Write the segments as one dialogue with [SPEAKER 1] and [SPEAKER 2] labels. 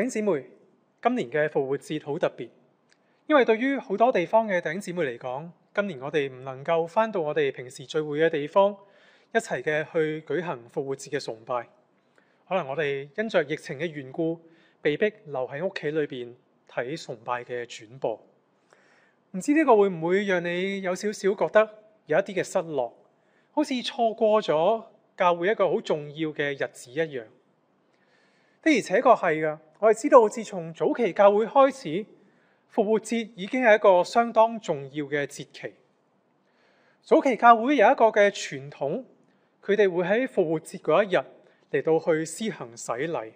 [SPEAKER 1] 弟兄姊妹，今年嘅復活節好特別，因為對於好多地方嘅弟兄姊妹嚟講，今年我哋唔能夠翻到我哋平時聚會嘅地方，一齊嘅去舉行復活節嘅崇拜。可能我哋因着疫情嘅緣故，被迫留喺屋企裏邊睇崇拜嘅轉播。唔知呢個會唔會讓你有少少覺得有一啲嘅失落，好似錯過咗教會一個好重要嘅日子一樣。的而且確係噶。我哋知道，自從早期教會開始，復活節已經係一個相當重要嘅節期。早期教會有一個嘅傳統，佢哋會喺復活節嗰一日嚟到去施行洗禮，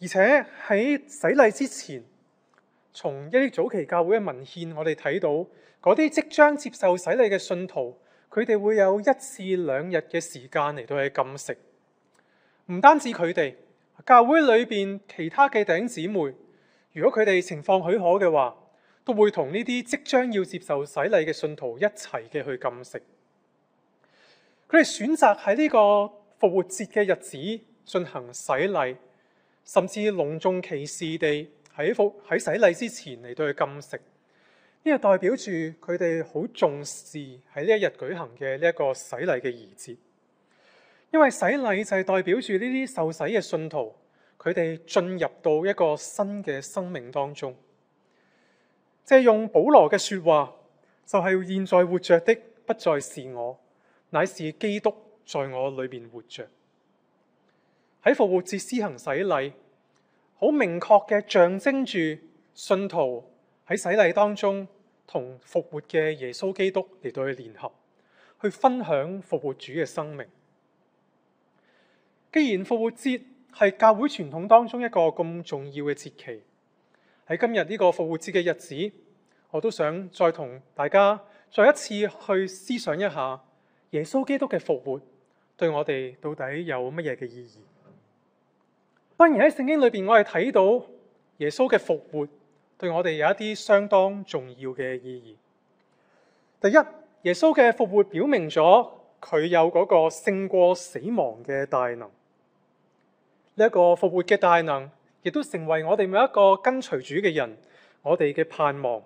[SPEAKER 1] 而且喺洗禮之前，從一啲早期教會嘅文獻，我哋睇到嗰啲即將接受洗禮嘅信徒，佢哋會有一至兩日嘅時間嚟到去禁食。唔單止佢哋。教會裏邊其他嘅頂姊妹，如果佢哋情況許可嘅話，都會同呢啲即將要接受洗禮嘅信徒一齊嘅去禁食。佢哋選擇喺呢個復活節嘅日子進行洗禮，甚至隆重其事地喺復喺洗禮之前嚟到去禁食，呢個代表住佢哋好重視喺呢一日舉行嘅呢一個洗禮嘅儀節。因為洗禮就係代表住呢啲受洗嘅信徒，佢哋進入到一個新嘅生命當中。借用保羅嘅說話，就係現在活着的不再是我，乃是基督在我裏面活着。喺復活節施行洗禮，好明確嘅象徵住信徒喺洗禮當中同復活嘅耶穌基督嚟到去聯合，去分享復活主嘅生命。既然復活節係教會傳統當中一個咁重要嘅節期，喺今日呢個復活節嘅日子，我都想再同大家再一次去思想一下耶穌基督嘅復活對我哋到底有乜嘢嘅意義。當然喺聖經裏邊，我哋睇到耶穌嘅復活對我哋有一啲相當重要嘅意義。第一，耶穌嘅復活表明咗佢有嗰個勝過死亡嘅大能。一個復活嘅大能，亦都成為我哋每一個跟隨主嘅人，我哋嘅盼望。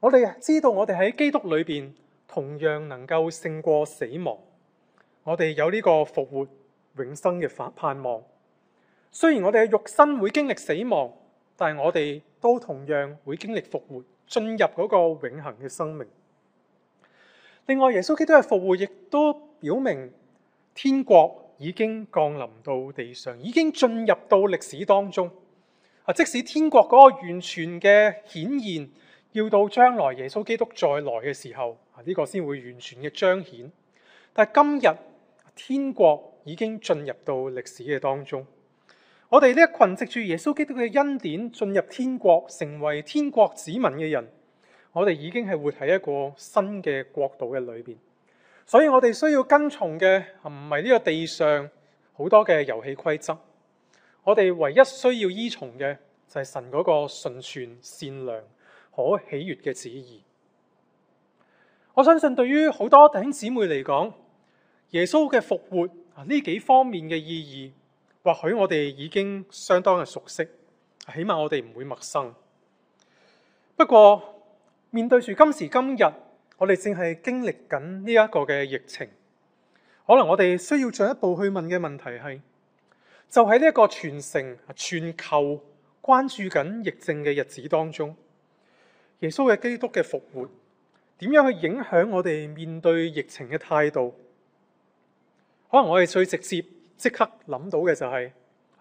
[SPEAKER 1] 我哋知道我哋喺基督裏邊同樣能夠勝過死亡。我哋有呢個復活永生嘅盼盼望。雖然我哋嘅肉身會經歷死亡，但係我哋都同樣會經歷復活，進入嗰個永恆嘅生命。另外，耶穌基督嘅復活亦都表明天國。已經降臨到地上，已經進入到歷史當中。啊，即使天國嗰個完全嘅顯現，要到將來耶穌基督再來嘅時候，啊、這、呢個先會完全嘅彰顯。但今日，天國已經進入到歷史嘅當中。我哋呢一群藉住耶穌基督嘅恩典進入天國，成為天國子民嘅人，我哋已經係活喺一個新嘅國度嘅裏邊。所以我哋需要跟從嘅唔係呢個地上好多嘅遊戲規則，我哋唯一需要依從嘅就係神嗰個純全善良可喜悅嘅旨意。我相信對於好多弟兄姊妹嚟講，耶穌嘅復活啊，呢幾方面嘅意義，或許我哋已經相當嘅熟悉，起碼我哋唔會陌生。不過面對住今時今日，我哋正係經歷緊呢一個嘅疫情，可能我哋需要進一步去問嘅問題係：就喺呢一個全城、全球關注緊疫症嘅日子當中，耶穌嘅基督嘅復活點樣去影響我哋面對疫情嘅態度？可能我哋最直接即刻諗到嘅就係、是：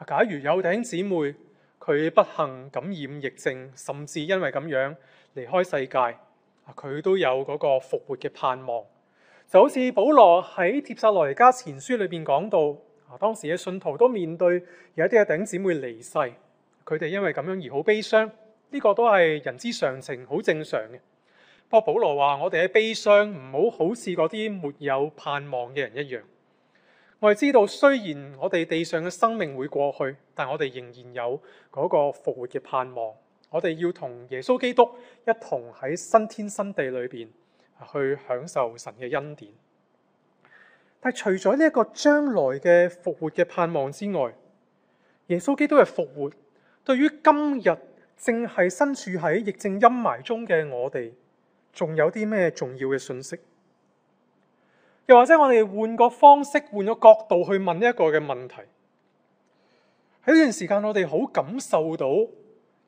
[SPEAKER 1] 假如有弟兄姊妹佢不幸感染疫症，甚至因為咁樣離開世界。佢都有嗰個復活嘅盼望，就好似保羅喺帖撒羅尼迦前書裏邊講到，當時嘅信徒都面對有一啲嘅弟兄姊妹離世，佢哋因為咁樣而好悲傷，呢個都係人之常情，好正常嘅。不過保羅話：我哋喺悲傷，唔好好似嗰啲沒有盼望嘅人一樣。我哋知道，雖然我哋地上嘅生命會過去，但我哋仍然有嗰個復活嘅盼望。我哋要同耶穌基督一同喺新天新地裏邊去享受神嘅恩典。但除咗呢一個將來嘅復活嘅盼望之外，耶穌基督嘅復活對於今日正係身處喺疫症陰霾中嘅我哋，仲有啲咩重要嘅信息？又或者我哋換個方式，換個角度去問呢一個嘅問題？喺呢段時間，我哋好感受到。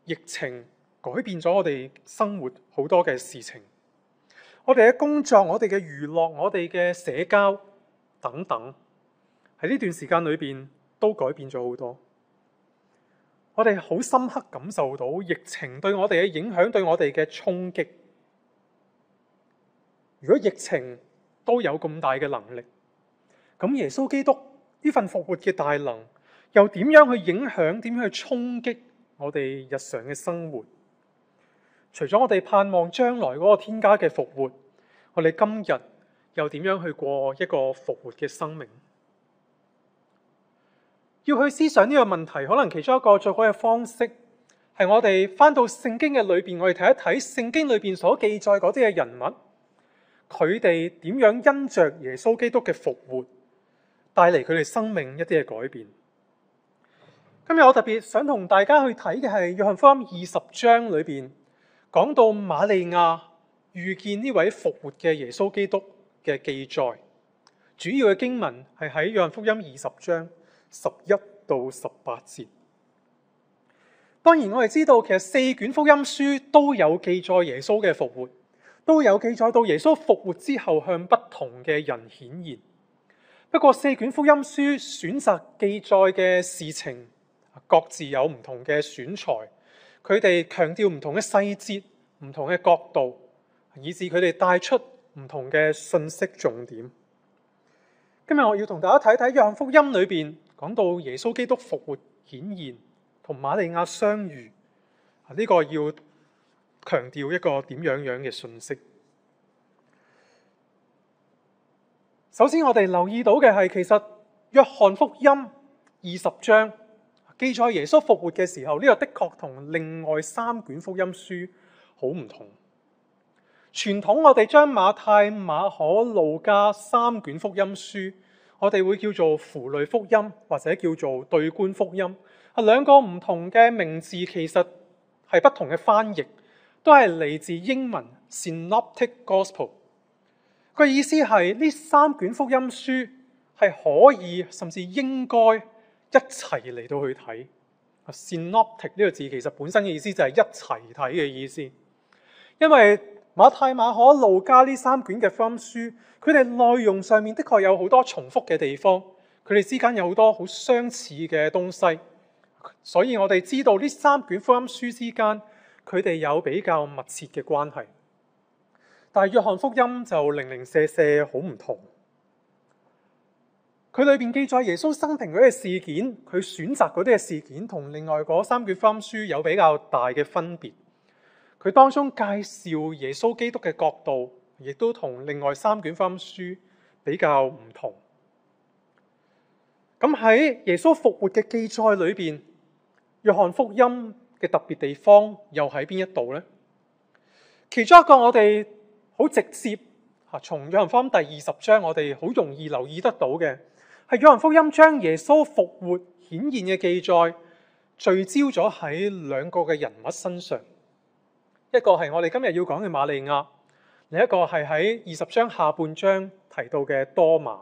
[SPEAKER 1] 疫情改變咗我哋生活好多嘅事情，我哋嘅工作、我哋嘅娛樂、我哋嘅社交等等，喺呢段時間裏邊都改變咗好多。我哋好深刻感受到疫情對我哋嘅影響，對我哋嘅衝擊。如果疫情都有咁大嘅能力，咁耶穌基督呢份復活嘅大能，又點樣去影響，點樣去衝擊我哋日常嘅生活，除咗我哋盼望將來嗰個天家嘅復活，我哋今日又點樣去過一個復活嘅生命？要去思想呢個問題，可能其中一個最好嘅方式，係我哋翻到聖經嘅裏邊，我哋睇一睇聖經裏邊所記載嗰啲嘅人物，佢哋點樣因着耶穌基督嘅復活，帶嚟佢哋生命一啲嘅改變。今日我特別想同大家去睇嘅係《約翰福音》二十章裏邊，講到瑪利亞遇見呢位復活嘅耶穌基督嘅記載。主要嘅經文係喺《約翰福音》二十章十一到十八節。當然，我哋知道其實四卷福音書都有記載耶穌嘅復活，都有記載到耶穌復活之後向不同嘅人顯現。不過，四卷福音書選擇記載嘅事情，各自有唔同嘅選材，佢哋強調唔同嘅細節、唔同嘅角度，以致佢哋帶出唔同嘅信息重點。今日我要同大家睇睇《約翰福音》裏邊講到耶穌基督復活顯現同馬利亞相遇，呢個要強調一個點樣樣嘅信息。首先，我哋留意到嘅係其實《約翰福音》二十章。記載耶穌復活嘅時候，呢個的確同另外三卷福音書好唔同。傳統我哋將馬太、馬可、路加三卷福音書，我哋會叫做符類福音或者叫做對觀福音，係兩個唔同嘅名字，其實係不同嘅翻譯，都係嚟自英文 Synoptic Gospel。個意思係呢三卷福音書係可以甚至應該。一齊嚟到去睇，synoptic 呢個字其實本身嘅意思就係一齊睇嘅意思。因為馬太、馬可、路加呢三卷嘅福音書，佢哋內容上面的確有好多重複嘅地方，佢哋之間有好多好相似嘅東西，所以我哋知道呢三卷福音書之間，佢哋有比較密切嘅關係。但係約翰福音就零零舍舍好唔同。佢裏邊記載耶穌生平嗰啲事件，佢選擇嗰啲嘅事件同另外嗰三卷福音書有比較大嘅分別。佢當中介紹耶穌基督嘅角度，亦都同另外三卷福音書比較唔同。咁喺耶穌復活嘅記載裏邊，約翰福音嘅特別地方又喺邊一度咧？其中一個我哋好直接吓，從約翰福音第二十章，我哋好容易留意得到嘅。係約翰福音將耶穌復活顯現嘅記載聚焦咗喺兩個嘅人物身上，一個係我哋今日要講嘅瑪利亞，另一個係喺二十章下半章提到嘅多馬。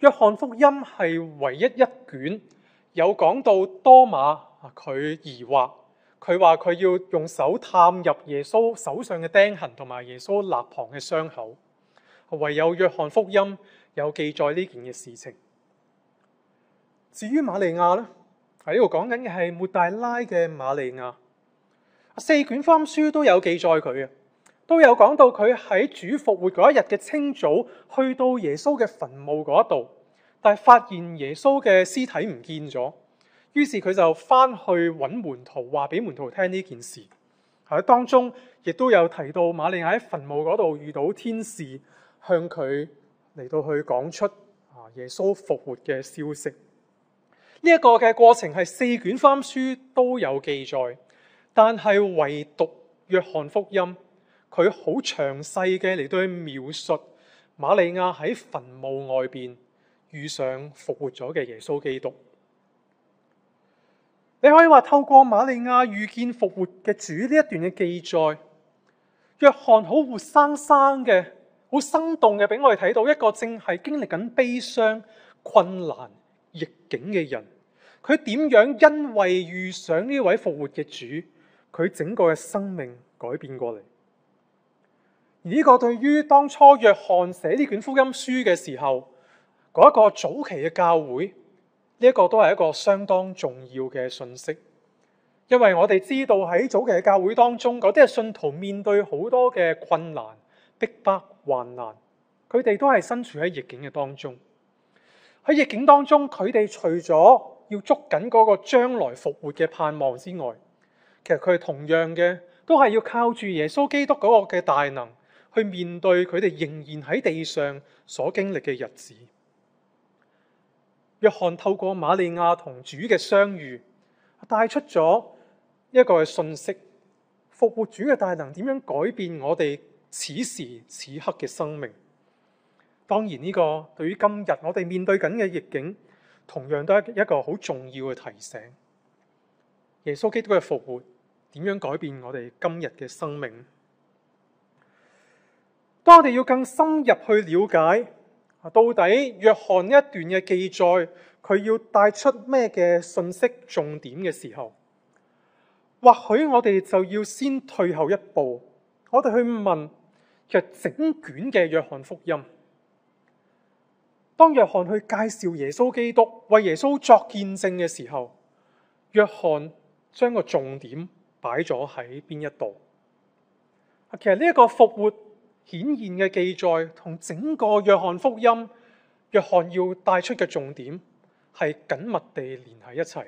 [SPEAKER 1] 約翰福音係唯一一卷有講到多馬佢疑惑，佢話佢要用手探入耶穌手上嘅釘痕同埋耶穌肋旁嘅傷口，唯有約翰福音。有記載呢件嘅事情。至於瑪利亞呢，喺呢度講緊嘅係抹大拉嘅瑪利亞。四卷福音書都有記載佢嘅，都有講到佢喺主復活嗰一日嘅清早，去到耶穌嘅墳墓嗰度，但係發現耶穌嘅屍體唔見咗。於是佢就翻去揾門徒，話俾門徒聽呢件事。喺當中亦都有提到瑪利亞喺墳墓嗰度遇到天使，向佢，嚟到去講出啊耶穌復活嘅消息，呢一個嘅過程係四卷翻書都有記載，但係唯獨約翰福音佢好詳細嘅嚟到去描述瑪利亞喺墳墓外邊遇上復活咗嘅耶穌基督。你可以話透過瑪利亞遇見復活嘅主呢一段嘅記載，約翰好活生生嘅。好生動嘅，俾我哋睇到一個正係經歷緊悲傷、困難、逆境嘅人，佢點樣因為遇上呢位復活嘅主，佢整個嘅生命改變過嚟。而呢個對於當初約翰寫呢卷福音書嘅時候，嗰一個早期嘅教會，呢一個都係一個相當重要嘅信息，因為我哋知道喺早期嘅教會當中，嗰啲嘅信徒面對好多嘅困難。逼迫患難，佢哋都係身處喺逆境嘅當中。喺逆境當中，佢哋除咗要捉緊嗰個將來復活嘅盼望之外，其實佢哋同樣嘅，都係要靠住耶穌基督嗰個嘅大能去面對佢哋仍然喺地上所經歷嘅日子。約翰透過瑪利亞同主嘅相遇，帶出咗一個嘅信息：復活主嘅大能點樣改變我哋？此時此刻嘅生命，當然呢個對於今日我哋面對緊嘅逆境，同樣都係一個好重要嘅提醒。耶穌基督嘅復活點樣改變我哋今日嘅生命？當我哋要更深入去了解到底約翰呢一段嘅記載，佢要帶出咩嘅信息重點嘅時候，或許我哋就要先退後一步，我哋去問。其實整卷嘅約翰福音，當約翰去介紹耶穌基督為耶穌作見證嘅時候，約翰將個重點擺咗喺邊一度？其實呢一個復活顯現嘅記載同整個約翰福音，約翰要帶出嘅重點係緊密地連喺一齊。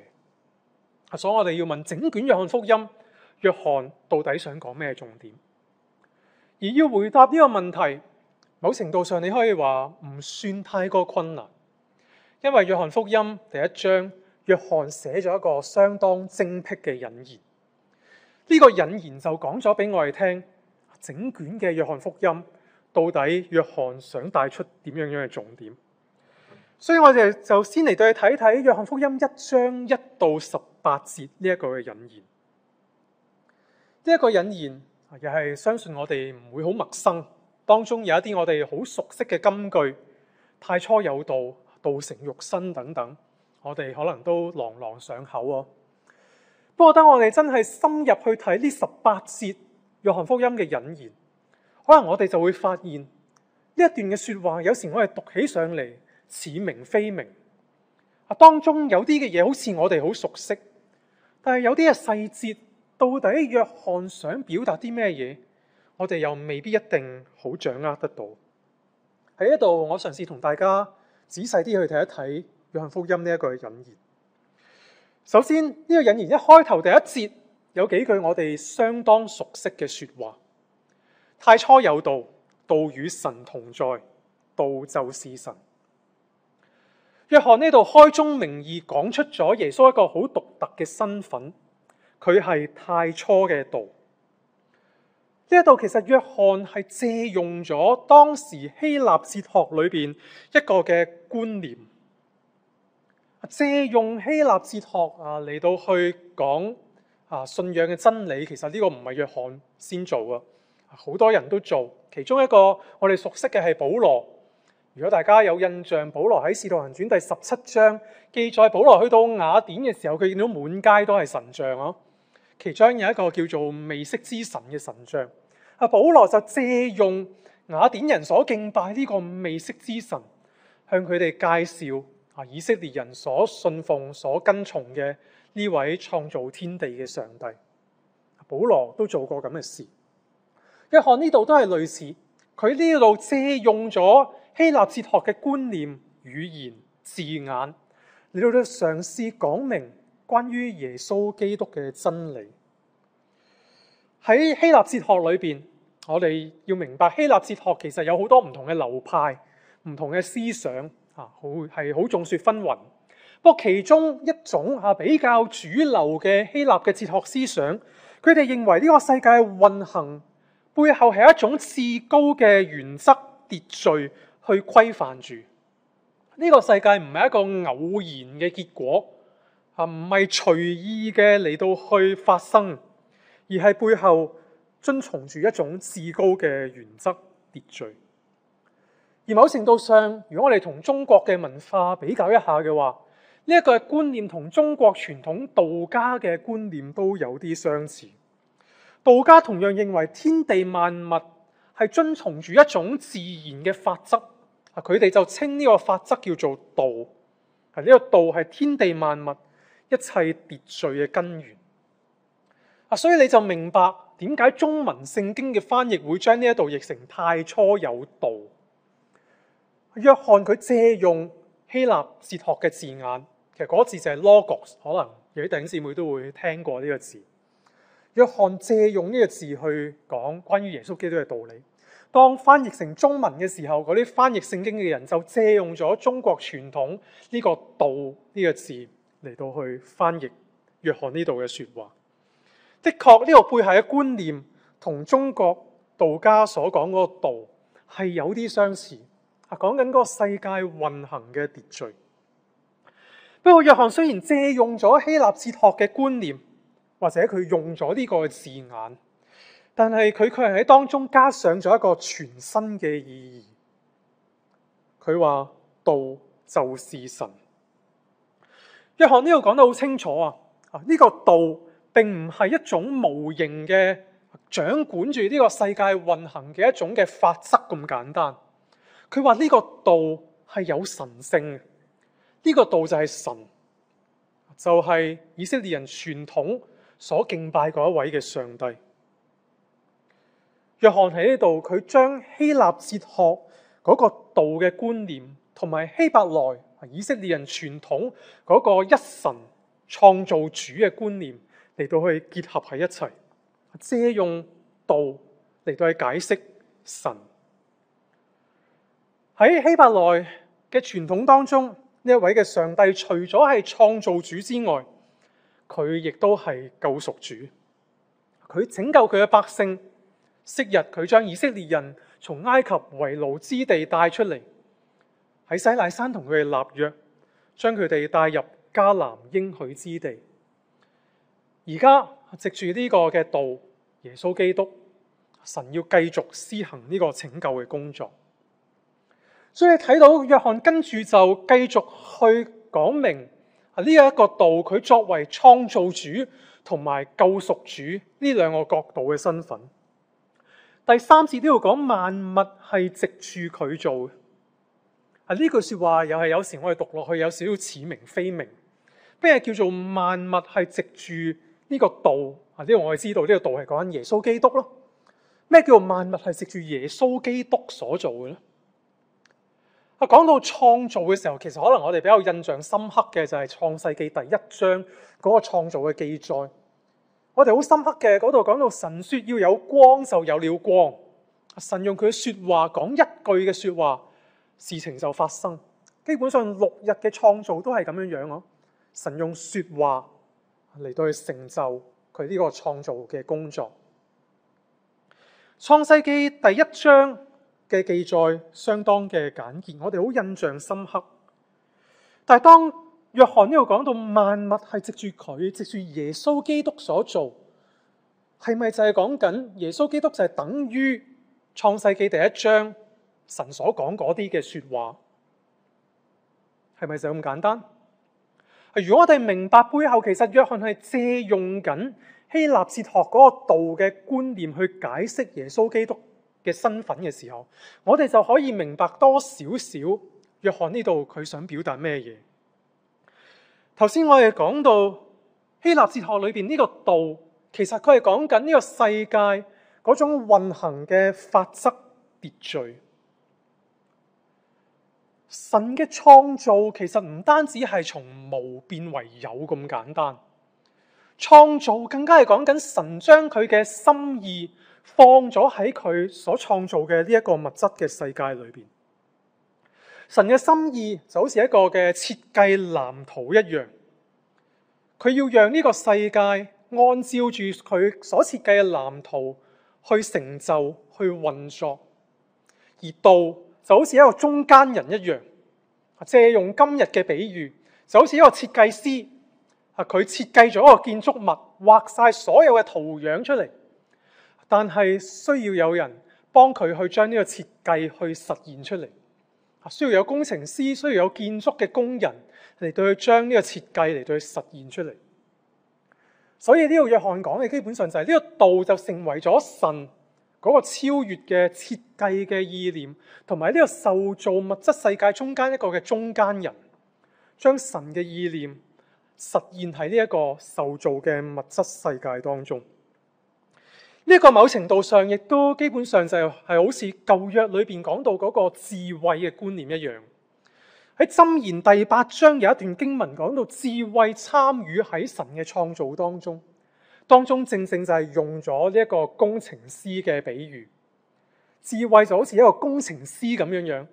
[SPEAKER 1] 所以我哋要問整卷約翰福音，約翰到底想講咩重點？而要回答呢個問題，某程度上你可以話唔算太過困難，因為約翰福音第一章，約翰寫咗一個相當精辟嘅引言。呢、這個引言就講咗俾我哋聽，整卷嘅約翰福音到底約翰想帶出點樣樣嘅重點。所以我哋就先嚟對佢睇睇約翰福音一章一到十八節呢一個嘅引言。呢一個引言。這個引言又係相信我哋唔會好陌生，當中有一啲我哋好熟悉嘅金句，太初有道，道成肉身等等，我哋可能都朗朗上口哦、啊。不過當我哋真係深入去睇呢十八節約翰福音嘅引言，可能我哋就會發現呢一段嘅說話，有時我哋讀起上嚟似明非明，啊，當中有啲嘅嘢好似我哋好熟悉，但係有啲嘅細節。到底約翰想表達啲咩嘢？我哋又未必一定好掌握得到。喺呢度，我嘗試同大家仔細啲去睇一睇約翰福音呢一個引言。首先，呢個引言一開頭第一節有幾句我哋相當熟悉嘅說話：太初有道，道與神同在，道就是神。約翰呢度開宗明義講出咗耶穌一個好獨特嘅身份。佢係太初嘅道。呢一度其實約翰係借用咗當時希臘哲學裏邊一個嘅觀念，借用希臘哲學啊嚟到去講啊信仰嘅真理。其實呢個唔係約翰先做啊，好多人都做。其中一個我哋熟悉嘅係保羅。如果大家有印象保羅，保羅喺《使徒行傳》第十七章記載，保羅去到雅典嘅時候，佢見到滿街都係神像咯。其中有一個叫做未識之神嘅神像，阿保羅就借用雅典人所敬拜呢個未識之神，向佢哋介紹啊以色列人所信奉、所跟從嘅呢位創造天地嘅上帝。保羅都做過咁嘅事。約翰呢度都係類似，佢呢度借用咗希臘哲學嘅觀念、語言、字眼，嚟到去嘗試講明。關於耶穌基督嘅真理喺希臘哲學裏邊，我哋要明白希臘哲學其實有好多唔同嘅流派、唔同嘅思想啊，好係好眾說紛紜。不過其中一種啊比較主流嘅希臘嘅哲學思想，佢哋認為呢個世界運行背後係一種至高嘅原則秩序去規範住呢個世界，唔係一個偶然嘅結果。啊，唔係隨意嘅嚟到去發生，而係背後遵從住一種至高嘅原則秩序。而某程度上，如果我哋同中國嘅文化比較一下嘅話，呢一個觀念同中國傳統道家嘅觀念都有啲相似。道家同樣認為天地萬物係遵從住一種自然嘅法則，啊，佢哋就稱呢個法則叫做道，啊，呢個道係天地萬物，一切秩序嘅根源啊，所以你就明白點解中文聖經嘅翻譯會將呢一度譯成太初有道。約翰佢借用希臘哲學嘅字眼，其實嗰字就係 logos，可能有啲弟兄姊妹都會聽過呢個字。約翰借用呢個字去講關於耶穌基督嘅道理，當翻譯成中文嘅時候，嗰啲翻譯聖經嘅人就借用咗中國傳統呢個道呢個字。嚟到去翻譯約翰呢度嘅說話，的確呢個背下嘅觀念同中國道家所講嗰個道係有啲相似，啊講緊個世界運行嘅秩序。不過約翰雖然借用咗希臘哲學嘅觀念，或者佢用咗呢個字眼，但係佢卻係喺當中加上咗一個全新嘅意義。佢話道就是神。約翰呢度講得好清楚啊！啊，呢個道並唔係一種無形嘅掌管住呢個世界運行嘅一種嘅法則咁簡單。佢話呢個道係有神性嘅，呢、呢個道就係神，就係、係、以色列人傳統所敬拜嗰一位嘅上帝。約翰喺呢度佢將希臘哲學嗰個道嘅觀念同埋希伯來，以色列人傳統嗰個一神創造主嘅觀念嚟到去結合喺一齊，借用道嚟到去解釋神。喺希伯來嘅傳統當中，呢一位嘅上帝除咗係創造主之外，佢亦都係救贖主。佢拯救佢嘅百姓，昔日佢將以色列人從埃及為奴之地帶出嚟。喺西乃山同佢哋立約，將佢哋帶入迦南應許之地。而家藉住呢個嘅道耶穌基督，神要繼續施行呢個拯救嘅工作。所以睇到約翰跟住就繼續去講明呢一個道，佢作為創造主同埋救贖主呢兩個角度嘅身份。第三次都要講萬物係藉住佢做。呢句說話又係有時我哋讀落去有少少似明非明。咩叫做萬物係藉住呢個道？呢個我哋知道，呢、這個道係講緊耶穌基督咯。咩叫做萬物係藉住耶穌基督所做嘅咧？啊，講到創造嘅時候，其實可能我哋比較印象深刻嘅就係創世記第一章嗰、那個創造嘅記載。我哋好深刻嘅嗰度講到神說要有光就有了光，神用佢嘅說話講一句嘅說話。事情就發生，基本上六日嘅創造都係咁樣樣咯。神用説話嚟到去成就佢呢個創造嘅工作。創世記第一章嘅記載相當嘅簡潔，我哋好印象深刻。但係當約翰呢度講到萬物係藉住佢，藉住耶穌基督所做，係咪就係講緊耶穌基督就係等於創世記第一章？神所講嗰啲嘅説話係咪就咁簡單？如果我哋明白背後其實約翰係借用緊希臘哲學嗰個道嘅觀念去解釋耶穌基督嘅身份嘅時候，我哋就可以明白多少少約翰呢度佢想表達咩嘢。頭先我哋講到希臘哲學裏邊呢個道，其實佢係講緊呢個世界嗰種運行嘅法則秩序。神嘅創造其實唔單止係從無變為有咁簡單，創造更加係講緊神將佢嘅心意放咗喺佢所創造嘅呢一個物質嘅世界裏邊。神嘅心意就好似一個嘅設計藍圖一樣，佢要讓呢個世界按照住佢所設計嘅藍圖去成就，去運作，而到。就好似一個中間人一樣，借用今日嘅比喻，就好似一個設計師，啊佢設計咗一個建築物，畫晒所有嘅圖樣出嚟，但係需要有人幫佢去將呢個設計去實現出嚟，啊需要有工程師，需要有建築嘅工人嚟對去將呢個設計嚟對去實現出嚟。所以呢個約翰講嘅基本上就係呢個道就成為咗神。嗰個超越嘅設計嘅意念，同埋呢個受造物質世界中間一個嘅中間人，將神嘅意念實現喺呢一個受造嘅物質世界當中。呢、這、一個某程度上，亦都基本上就係好似舊約裏邊講到嗰個智慧嘅觀念一樣。喺箴言第八章有一段經文講到智慧參與喺神嘅創造當中。當中正正就係用咗呢一個工程師嘅比喻，智慧就好似一個工程師咁樣樣，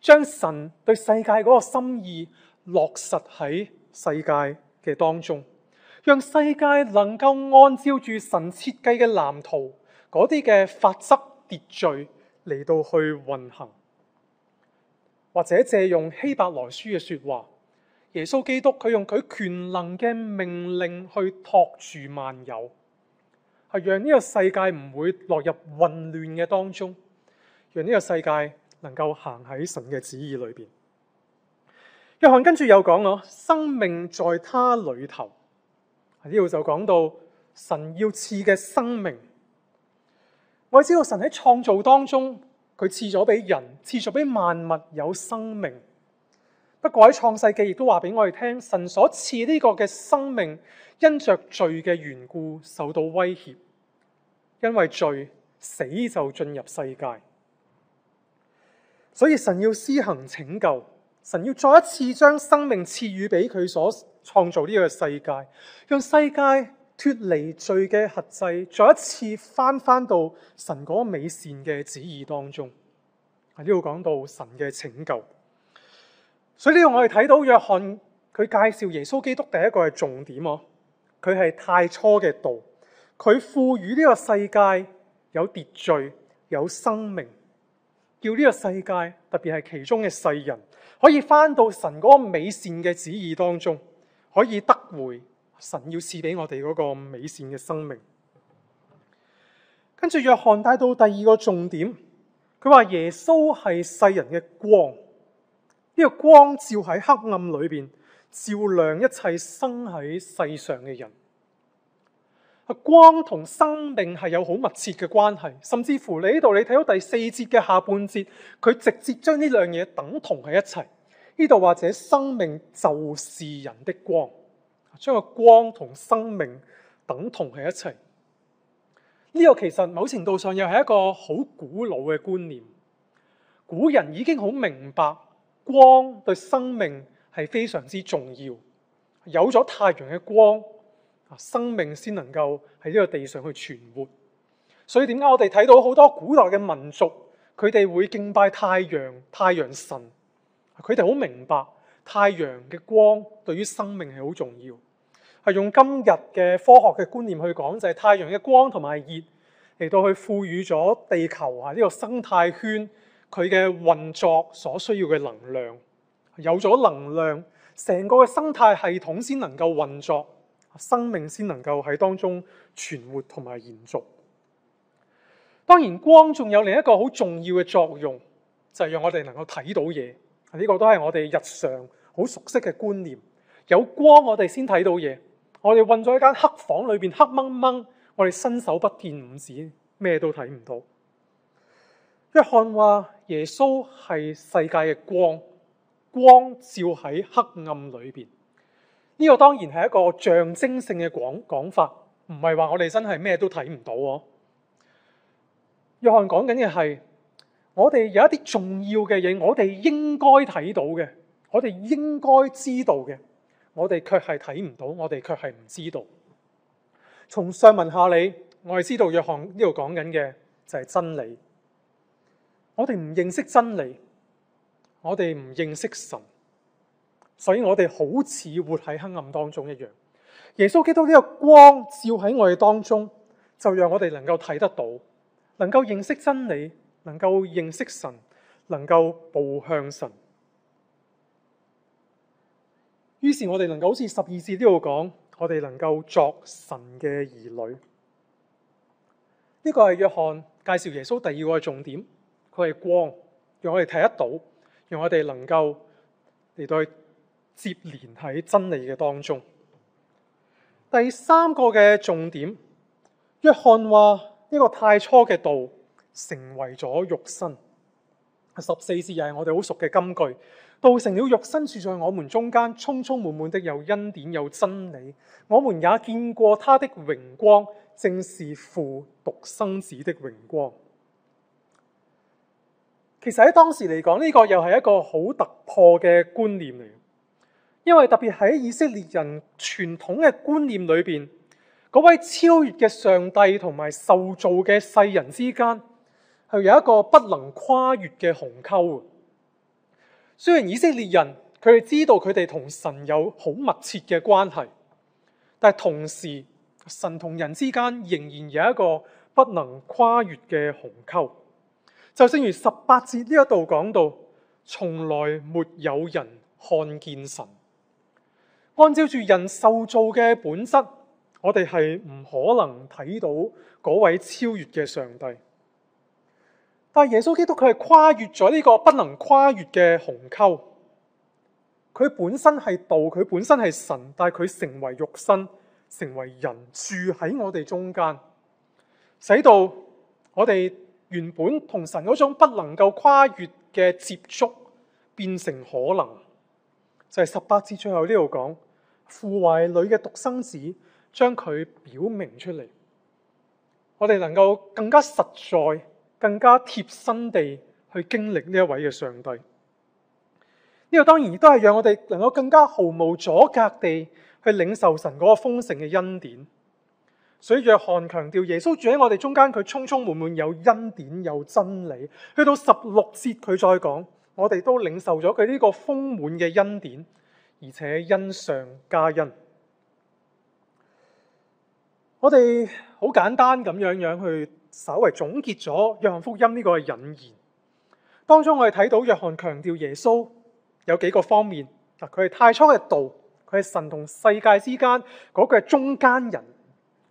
[SPEAKER 1] 將神對世界嗰個心意落實喺世界嘅當中，讓世界能夠按照住神設計嘅藍圖嗰啲嘅法則秩序嚟到去運行，或者借用希伯來書嘅説話。耶穌基督佢用佢權能嘅命令去托住萬有，係讓呢個世界唔會落入混亂嘅當中，讓呢個世界能夠行喺神嘅旨意裏邊。約翰跟住又講咗，生命在他裏頭。呢度就講到神要賜嘅生命，我知道神喺創造當中，佢賜咗俾人，賜咗俾萬物有生命。不過喺創世記亦都話俾我哋聽，神所賜呢個嘅生命，因着罪嘅緣故受到威脅，因為罪死就進入世界，所以神要施行拯救，神要再一次將生命賜予俾佢所創造呢個世界，讓世界脱離罪嘅轄制，再一次返返到神嗰美善嘅旨意當中。喺呢度講到神嘅拯救。所以呢度，我哋睇到約翰佢介紹耶穌基督第一個係重點哦，佢係太初嘅道，佢賦予呢個世界有秩序、有生命，叫呢個世界，特別係其中嘅世人，可以翻到神嗰個美善嘅旨意當中，可以得回神要賜俾我哋嗰個美善嘅生命。跟住約翰帶到第二個重點，佢話耶穌係世人嘅光。呢個光照喺黑暗裏邊，照亮一切生喺世上嘅人。光同生命係有好密切嘅關係，甚至乎你呢度你睇到第四節嘅下半節，佢直接將呢兩嘢等同喺一齊。呢度或者生命就是人的光，將個光同生命等同喺一齊。呢、這個其實某程度上又係一個好古老嘅觀念，古人已經好明白。光對生命係非常之重要，有咗太陽嘅光啊，生命先能夠喺呢個地上去存活。所以點解我哋睇到好多古代嘅民族，佢哋會敬拜太陽、太陽神，佢哋好明白太陽嘅光對於生命係好重要。係用今日嘅科學嘅觀念去講，就係太陽嘅光同埋熱嚟到去賦予咗地球啊呢個生態圈。佢嘅運作所需要嘅能量，有咗能量，成個嘅生態系統先能夠運作，生命先能夠喺當中存活同埋延續。當然光仲有另一個好重要嘅作用，就係讓我哋能夠睇到嘢。呢個都係我哋日常好熟悉嘅觀念。有光我哋先睇到嘢。我哋困咗喺間黑房裏邊黑掹掹，我哋伸手不見五指，咩都睇唔到。約翰話耶穌係世界嘅光，光照喺黑暗裏邊。呢個當然係一個象徵性嘅講講法，唔係話我哋真係咩都睇唔到喎，約翰講緊嘅係，我哋有一啲重要嘅嘢，我哋應該睇到嘅，我哋應該知道嘅，我哋卻係睇唔到，我哋卻係唔知道。從上文下理，我哋知道約翰呢度講緊嘅就係真理。我哋唔認識真理，我哋唔認識神，所以我哋好似活喺黑暗當中一樣。耶穌基督呢個光照喺我哋當中，就讓我哋能夠睇得到，能夠認識真理，能夠認識神，能夠步向神。於是我哋能夠好似十二節呢度講，我哋能夠作神嘅兒女。呢、這個係約翰介紹耶穌第二個重點。佢係光，讓我哋睇得到，讓我哋能夠嚟到接連喺真理嘅當中。第三個嘅重點，約翰話：呢、這個太初嘅道成為咗肉身。十四節又係我哋好熟嘅金句，道成了肉身，住在我們中間，充充滿滿的有恩典有真理。我們也見過他的榮光，正是父獨生子的榮光。其實喺當時嚟講，呢個又係一個好突破嘅觀念嚟。因為特別喺以色列人傳統嘅觀念裏邊，嗰位超越嘅上帝同埋受造嘅世人之間，係有一個不能跨越嘅鴻溝。雖然以色列人佢哋知道佢哋同神有好密切嘅關係，但同時神同人之間仍然有一個不能跨越嘅鴻溝。就正如十八節呢一度講到，從來沒有人看見神。按照住人受造嘅本質，我哋係唔可能睇到嗰位超越嘅上帝。但耶穌基督佢係跨越咗呢個不能跨越嘅鴻溝。佢本身係道，佢本身係神，但係佢成為肉身，成為人，住喺我哋中間，使到我哋。原本同神嗰種不能夠跨越嘅接觸變成可能，就係十八節最後呢度講，父懷裡嘅獨生子將佢表明出嚟，我哋能夠更加實在、更加貼身地去經歷呢一位嘅上帝。呢個當然都係讓我哋能夠更加毫無阻隔地去領受神嗰個豐盛嘅恩典。所以約翰強調耶穌住喺我哋中間，佢充充滿滿有恩典，有真理。去到十六節佢再講，我哋都領受咗佢呢個豐滿嘅恩典，而且恩上加恩。我哋好簡單咁樣樣去稍微總結咗約翰福音呢個引言。當中，我哋睇到約翰強調耶穌有幾個方面嗱，佢係太初嘅道，佢係神同世界之間嗰個中間人。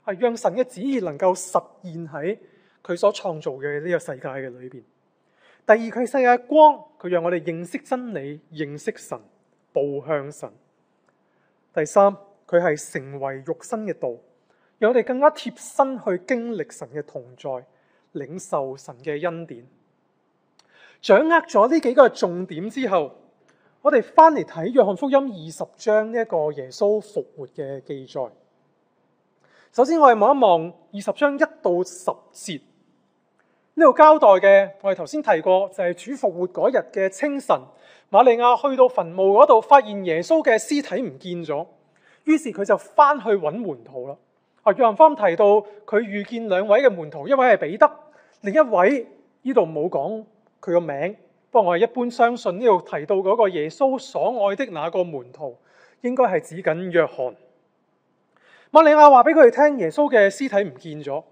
[SPEAKER 1] 係讓神嘅旨意能夠實現喺佢所創造嘅呢個世界嘅裏邊。第二，佢世界光，佢讓我哋認識真理、認識神、步向神。第三，佢係成為肉身嘅道，讓我哋更加貼身去經歷神嘅同在、領受神嘅恩典。掌握咗呢幾個重點之後，我哋翻嚟睇約翰福音二十章呢一個耶穌復活嘅記載。首先我哋望一望二十章一到十節呢度交代嘅，我哋頭先提過就係、是、主復活嗰日嘅清晨，瑪利亞去到墳墓嗰度，發現耶穌嘅屍體唔見咗，於是佢就翻去揾門徒啦。啊，約翰方提到佢遇見兩位嘅門徒，一位係彼得，另一位呢度冇講佢個名，不過我哋一般相信呢度提到嗰個耶穌所愛的那個門徒，應該係指緊約翰。瑪利亞話俾佢哋聽，耶穌嘅屍體唔見咗。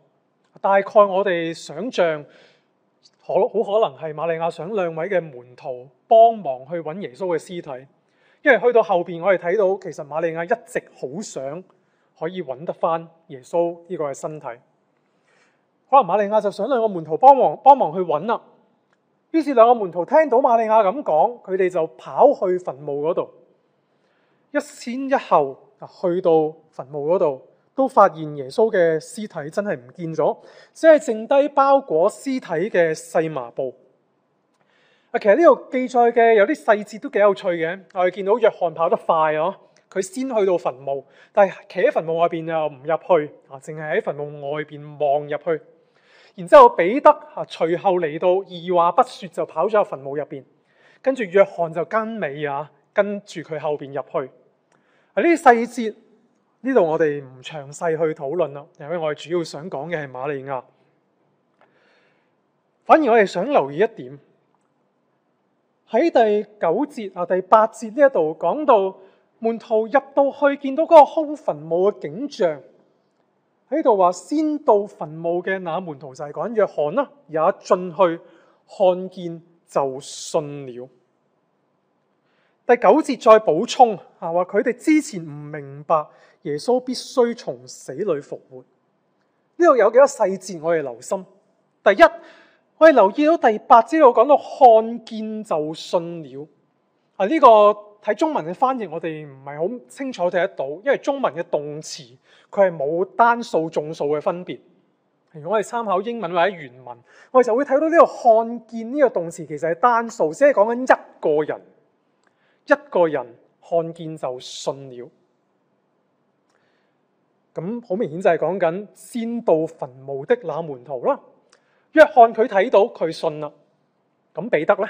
[SPEAKER 1] 大概我哋想象，可好可能係瑪利亞想兩位嘅門徒幫忙去揾耶穌嘅屍體，因為去到後邊我哋睇到，其實瑪利亞一直好想可以揾得翻耶穌呢個嘅身體。可能瑪利亞就想兩個門徒幫忙幫忙去揾啦。於是兩個門徒聽到瑪利亞咁講，佢哋就跑去墳墓嗰度，一先一後，去到墳墓嗰度都發現耶穌嘅屍體真係唔見咗，只係剩低包裹屍體嘅細麻布。啊，其實呢度記載嘅有啲細節都幾有趣嘅。我哋，啊，見到約翰跑得快呵，佢，啊，先去到墳墓，但係企喺墳墓外邊又唔入去，啊，淨係喺墳墓外邊望入去。然之後彼得啊，隨後嚟到，二話不說就跑咗入墳墓入邊，跟住約翰就跟尾啊，跟住佢後邊入去。係呢啲細節，呢度我哋唔詳細去討論啦，因為我哋主要想講嘅係瑪利亞。反而我哋想留意一點，喺第九節啊，第八節呢一度講到門徒入到去見到嗰個空墳墓嘅景象，喺度話先到墳墓嘅那門徒就係講約翰啦，也進去看見就信了。第九節再補充啊，話佢哋之前唔明白耶穌必須從死裏復活。呢度有幾多細節我哋留心。第一，我哋留意到第八節我講到看見就信了啊。呢、呢個睇中文嘅翻譯，我哋唔係好清楚睇得到，因為中文嘅動詞佢係冇單數、眾數嘅分別。如果我哋參考英文或者原文，我哋就會睇到呢個看見呢個動詞其實係單數，只係講緊一個人。一個人看見就信了，咁好明顯就係講緊先到墳墓的那門徒咯。約翰佢睇到佢信啦，咁彼得咧，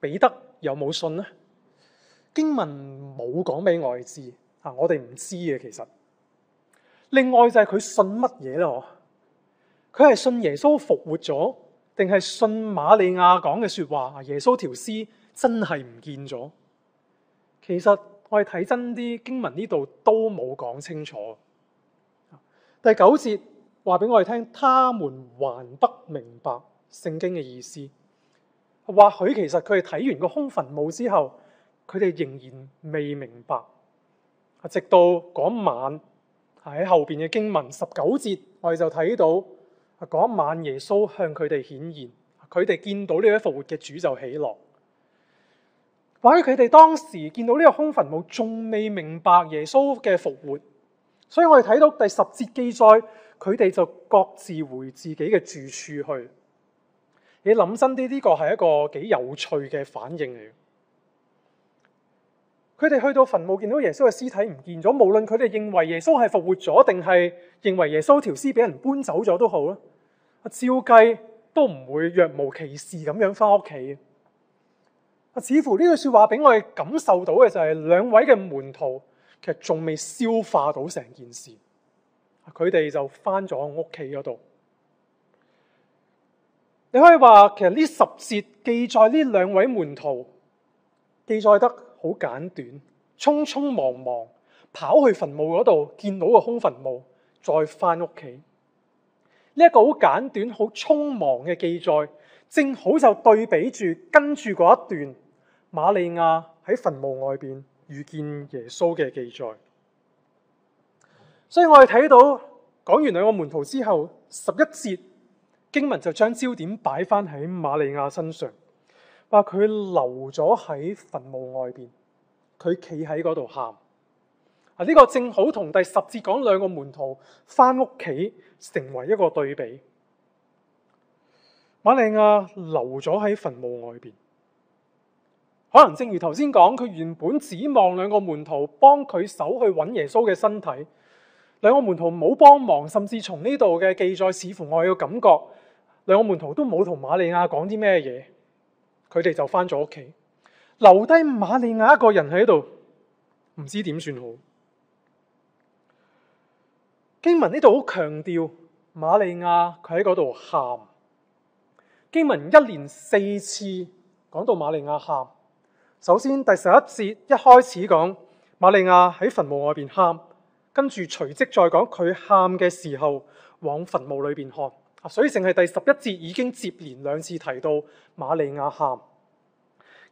[SPEAKER 1] 彼得有冇信咧？經文冇講俾外知啊，我哋唔知嘅其實。另外就係佢信乜嘢咧？佢係信耶穌復活咗，定係信瑪利亞講嘅説話？耶穌條屍。真係唔見咗。其實我哋睇真啲經文呢度都冇講清楚。第九節話俾我哋聽，他們還不明白聖經嘅意思。或許其實佢哋睇完個空墳墓之後，佢哋仍然未明白。啊，直到嗰晚喺後邊嘅經文十九節，我哋就睇到啊，嗰晚耶穌向佢哋顯現，佢哋見到呢位復活嘅主就起落。或者佢哋當時見到呢個空墳墓，仲未明白耶穌嘅復活，所以我哋睇到第十節記載，佢哋就各自回自己嘅住處去。你諗真啲，呢個係一個幾有趣嘅反應嚟。佢哋去到墳墓，見到耶穌嘅屍體唔見咗，無論佢哋認為耶穌係復活咗，定係認為耶穌條屍俾人搬走咗都好啦，照計都唔會若無其事咁樣翻屋企。似乎呢句說話俾我哋感受到嘅就係兩位嘅門徒其實仲未消化到成件事，佢哋就返咗屋企嗰度。你可以話其實呢十節記載呢兩位門徒記載得好簡短，匆匆忙忙跑去墳墓嗰度見到個空墳墓，再返屋企。呢一個好簡短、好匆忙嘅記載，正好就對比住跟住嗰一段。瑪利亞喺墳墓外邊遇見耶穌嘅記載，所以我哋睇到講完兩個門徒之後，十一節經文就將焦點擺翻喺瑪利亞身上，話佢留咗喺墳墓外邊，佢企喺嗰度喊。啊，呢個正好同第十節講兩個門徒翻屋企成為一個對比。瑪利亞留咗喺墳墓外邊。可能正如頭先講，佢原本指望兩個門徒幫佢手去揾耶穌嘅身體。兩個門徒冇幫忙，甚至從呢度嘅記載，似乎我嘅感覺，兩個門徒都冇同瑪利亞講啲咩嘢，佢哋就翻咗屋企，留低瑪利亞一個人喺度，唔知點算好。經文呢度好強調瑪利亞佢喺嗰度喊，經文一連四次講到瑪利亞喊。首先第十一節一開始講瑪利亞喺墳墓外邊喊，跟住隨即再講佢喊嘅時候往墳墓裏邊看。所以淨係第十一節已經接連兩次提到瑪利亞喊，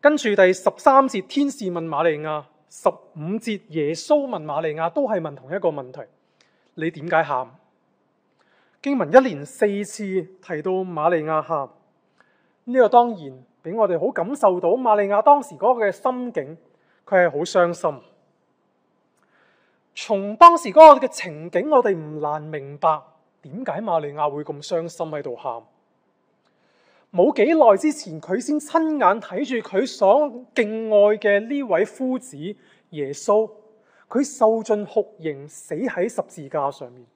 [SPEAKER 1] 跟住第十三節天使問瑪利亞，十五節耶穌問瑪利亞都係問同一個問題：你點解喊？經文一連四次提到瑪利亞喊，呢、這個當然。俾我哋好感受到瑪利亞當時嗰個嘅心境，佢係好傷心。從當時嗰個嘅情景，我哋唔難明白點解瑪利亞會咁傷心喺度喊。冇幾耐之前，佢先親眼睇住佢所敬愛嘅呢位夫子耶穌，佢受盡酷刑，死喺十字架上面。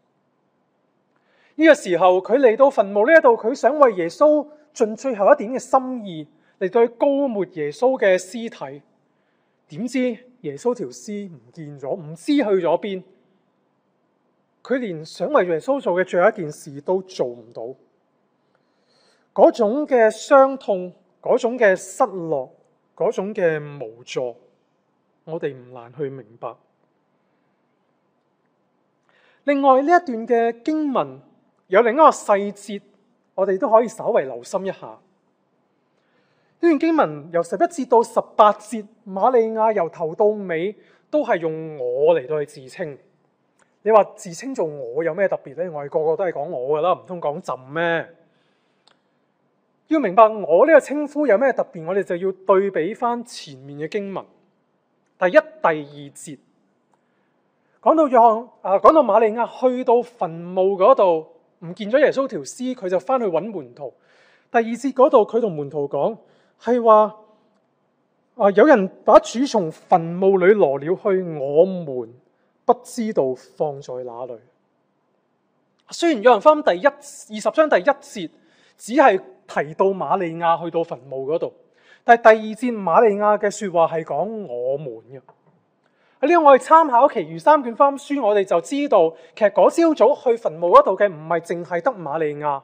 [SPEAKER 1] 呢個時候，佢嚟到墳墓呢一度，佢想為耶穌盡最後一點嘅心意。嚟到膏抹耶穌嘅屍體，點知耶穌條屍唔見咗，唔知去咗邊？佢連想為耶穌做嘅最後一件事都做唔到，嗰種嘅傷痛，嗰種嘅失落，嗰種嘅無助，我哋唔難去明白。另外呢一段嘅經文有另一個細節，我哋都可以稍微留心一下。呢段經文由十一節到十八節，瑪利亞由頭到尾都係用我嚟對自稱。你話自稱做我有咩特別咧？我哋個個都係講我噶啦，唔通講朕咩？要明白我呢個稱呼有咩特別，我哋就要對比翻前面嘅經文第一、第二節。講到約翰啊，講到瑪利亞去到墳墓嗰度，唔見咗耶穌條屍，佢就翻去揾門徒。第二節嗰度佢同門徒講。係話啊，有人把主從墳墓裏挪了去，我們不知道放在哪裏。雖然《約翰福音》第一二十章第一節只係提到瑪利亞去到墳墓嗰度，但係第二節瑪利亞嘅說話係講我們嘅。呢個我哋參考其餘三卷福音書，我哋就知道其實嗰朝早去墳墓嗰度嘅唔係淨係得瑪利亞，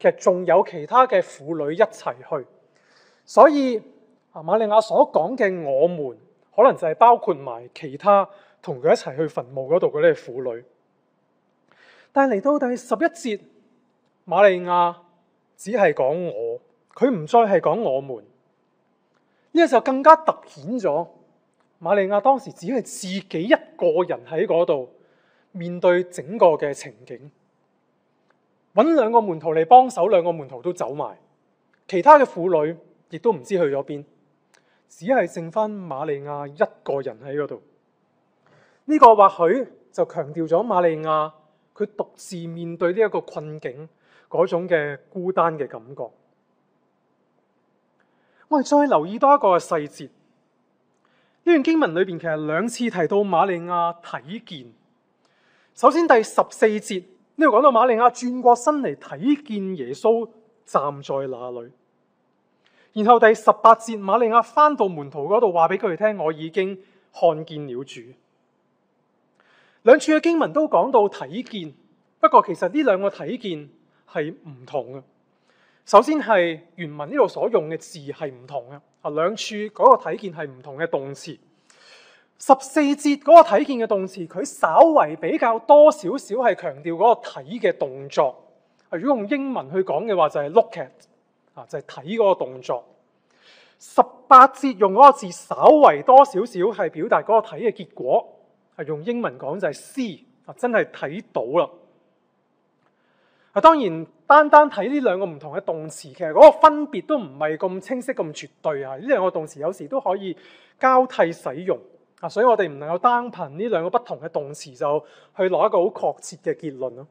[SPEAKER 1] 其實仲有其他嘅婦女一齊去。所以啊，瑪利亞所講嘅我們，可能就係包括埋其他同佢一齊去墳墓嗰度嗰啲婦女。但係嚟到第十一節，瑪利亞只係講我，佢唔再係講我們。呢個就更加凸顯咗，瑪利亞當時只係自己一個人喺嗰度面對整個嘅情景。揾兩個門徒嚟幫手，兩個門徒都走埋，其他嘅婦女。亦都唔知去咗邊，只係剩翻瑪利亞一個人喺嗰度。呢個或許就強調咗瑪利亞佢獨自面對呢一個困境嗰種嘅孤單嘅感覺。我哋再留意多一個細節，呢段經文裏邊其實兩次提到瑪利亞睇見。首先第十四節呢度講到瑪利亞轉過身嚟睇見耶穌站在那裏。然後第十八節，瑪利亞翻到門徒嗰度，話俾佢哋聽：我已經看見了主。兩處嘅經文都講到睇見，不過其實呢兩個睇見係唔同嘅。首先係原文呢度所用嘅字係唔同嘅，啊兩處嗰個睇見係唔同嘅動詞。十四節嗰個睇見嘅動詞，佢稍為比較多少少係強調嗰個睇嘅動作。如果用英文去講嘅話，就係 look at。啊，就係睇嗰個動作。十八節用嗰個字稍為多少少係表達嗰個睇嘅結果，係用英文講就係 see 啊，真係睇到啦。啊，當然單單睇呢兩個唔同嘅動詞，其實嗰個分別都唔係咁清晰、咁絕對啊。呢兩個動詞有時都可以交替使用啊，所以我哋唔能夠單憑呢兩個不同嘅動詞就去攞一個好確切嘅結論咯。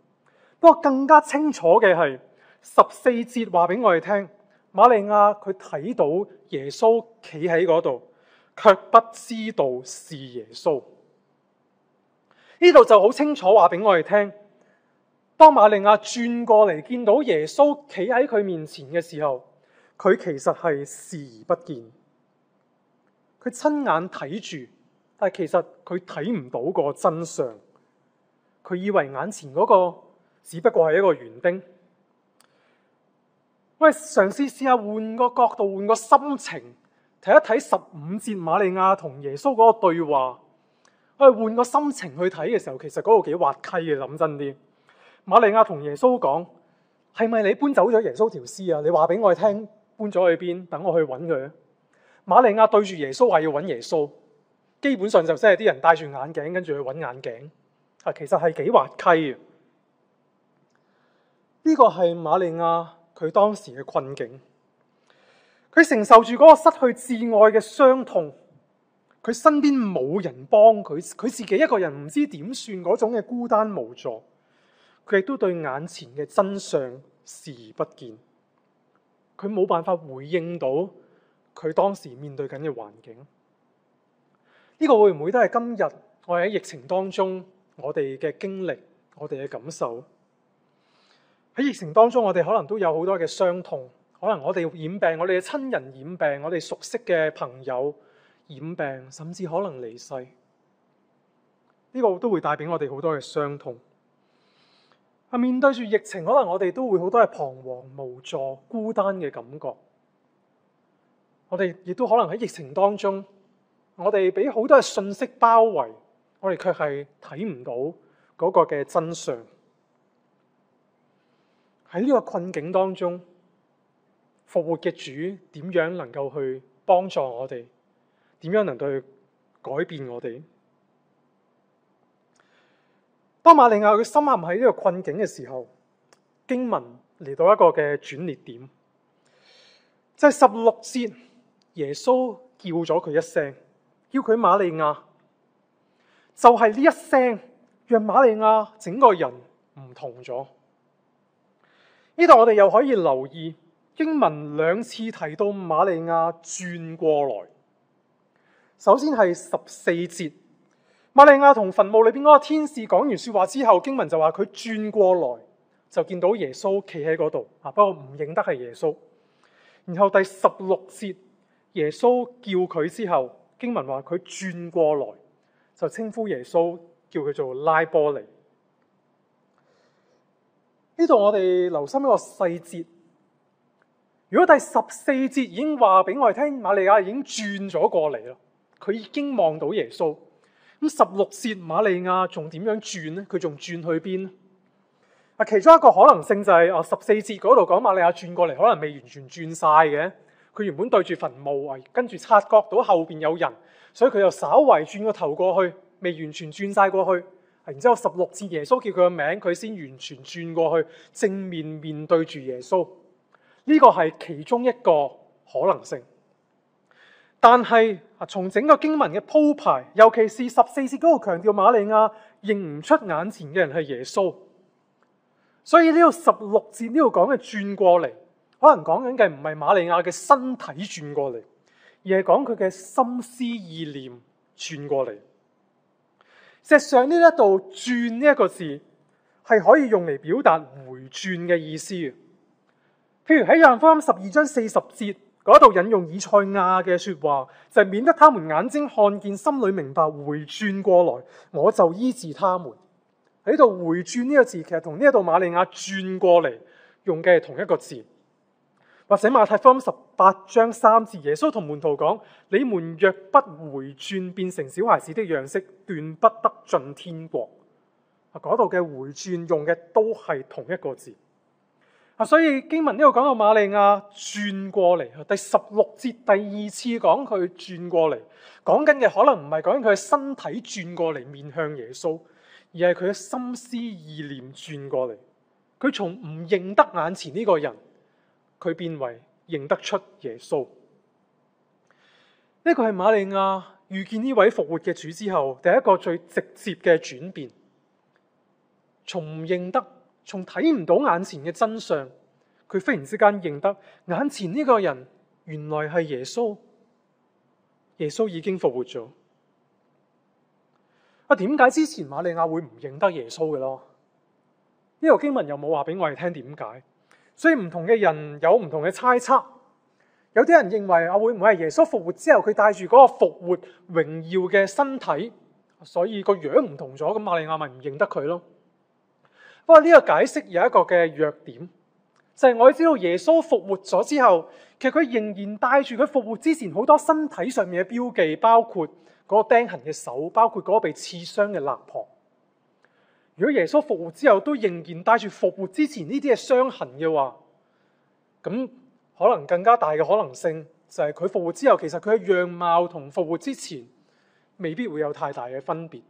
[SPEAKER 1] 不過更加清楚嘅係。十四節話俾我哋聽，瑪利亞佢睇到耶穌企喺嗰度，卻不知道是耶穌。呢度就好清楚話俾我哋聽，當瑪利亞轉過嚟，見到耶穌企喺佢面前嘅時候，佢其實係視而不見。佢親眼睇住，但其實佢睇唔到個真相。佢以為眼前嗰個只不過係一個園丁。喂，嘗試試下換個角度，換個心情睇一睇十五節瑪利亞同耶穌嗰個對話。我哋換個心情去睇嘅時候，其實嗰度幾滑稽嘅。諗真啲，瑪利亞同耶穌講：係咪你搬走咗耶穌條屍啊？你話俾我聽，搬咗去邊？等我去揾佢。瑪利亞對住耶穌話要揾耶穌，基本上就即係啲人戴住眼鏡跟住去揾眼鏡啊。其實係幾滑稽嘅。呢個係瑪利亞。佢當時嘅困境，佢承受住嗰個失去至愛嘅傷痛，佢身邊冇人幫佢，佢自己一個人唔知點算嗰種嘅孤單無助，佢亦都對眼前嘅真相視而不見，佢冇辦法回應到佢當時面對緊嘅環境。呢個會唔會都係今日我喺疫情當中我哋嘅經歷，我哋嘅感受？喺疫情當中，我哋可能都有好多嘅傷痛。可能我哋染病，我哋嘅親人染病，我哋熟悉嘅朋友染病，甚至可能離世。呢個都會帶俾我哋好多嘅傷痛。啊，面對住疫情，可能我哋都會好多係彷徨無助、孤單嘅感覺。我哋亦都可能喺疫情當中，我哋俾好多嘅信息包圍，我哋卻係睇唔到嗰個嘅真相。喺呢個困境當中，復活嘅主點樣能夠去幫助我哋？點樣能夠去改變我哋？當瑪利亞佢深陷喺呢個困境嘅時候，經文嚟到一個嘅轉捩點，就係十六節，耶穌叫咗佢一聲，叫佢瑪利亞，就係呢一聲，讓瑪利亞整個人唔同咗。呢度我哋又可以留意經文兩次提到瑪利亞轉過來。首先係十四節，瑪利亞同墳墓裏邊嗰個天使講完說話之後，經文就話佢轉過來，就見到耶穌企喺嗰度啊，不過唔認得係耶穌。然後第十六節，耶穌叫佢之後，經文話佢轉過來，就稱呼耶穌叫佢做拉波尼。呢度我哋留心一個細節。如果第十四節已經話俾我哋聽，瑪利亞已經轉咗過嚟咯，佢已經望到耶穌。咁十六節瑪利亞仲點樣轉呢？佢仲轉去邊？啊，其中一個可能性就係啊，十四節嗰度講瑪利亞轉過嚟，可能未完全轉晒嘅。佢原本對住墳墓，跟住察覺到後邊有人，所以佢又稍為轉個頭過去，未完全轉晒過去。然之後十六節耶穌叫佢嘅名，佢先完全轉過去，正面面對住耶穌。呢個係其中一個可能性。但係啊，從整個經文嘅鋪排，尤其是十四節嗰度強調瑪利亞認唔出眼前嘅人係耶穌，所以呢個十六節呢度講嘅轉過嚟，可能講緊嘅唔係瑪利亞嘅身體轉過嚟，而係講佢嘅心思意念轉過嚟。石上呢一度轉呢一個字係可以用嚟表達回轉嘅意思。譬如喺《約翰福音》十二章四十節嗰度引用以賽亞嘅説話，就係、是、免得他們眼睛看見，心裏明白回轉過來，我就醫治他們。喺度回轉呢個字，其實同呢一度瑪利亞轉過嚟用嘅係同一個字。或者馬太福音十八章三節耶穌同門徒講：你們若不回轉，變成小孩子的樣式，斷不得進天國。嗰度嘅回轉用嘅都係同一個字。啊，所以經文呢度講到瑪利亞轉過嚟，第十六節第二次講佢轉過嚟，講緊嘅可能唔係講緊佢嘅身體轉過嚟面向耶穌，而係佢嘅心思意念轉過嚟。佢從唔認得眼前呢個人。佢變為認得出耶穌，呢個係瑪利亞遇見呢位復活嘅主之後，第一個最直接嘅轉變。從唔認得，從睇唔到眼前嘅真相，佢忽然之間認得眼前呢個人，原來係耶穌。耶穌已經復活咗。啊，點解之前瑪利亞會唔認得耶穌嘅咯？呢、呢個經文又冇話俾我哋聽點解。所以唔同嘅人有唔同嘅猜測，有啲人認為，啊，會唔會係耶穌復活之後佢帶住嗰個復活榮耀嘅身體，所以個樣唔同咗，咁瑪利亞咪唔認得佢咯？不過呢個解釋有一個嘅弱點，就係我知道耶穌復活咗之後，其實佢仍然帶住佢復活之前好多身體上面嘅標記，包括嗰個釘痕嘅手，包括嗰個被刺傷嘅肋旁。如果耶穌復活之後都仍然帶住復活之前呢啲嘅傷痕嘅話，咁可能更加大嘅可能性就係佢復活之後，其實佢嘅樣貌同復活之前未必會有太大嘅分別。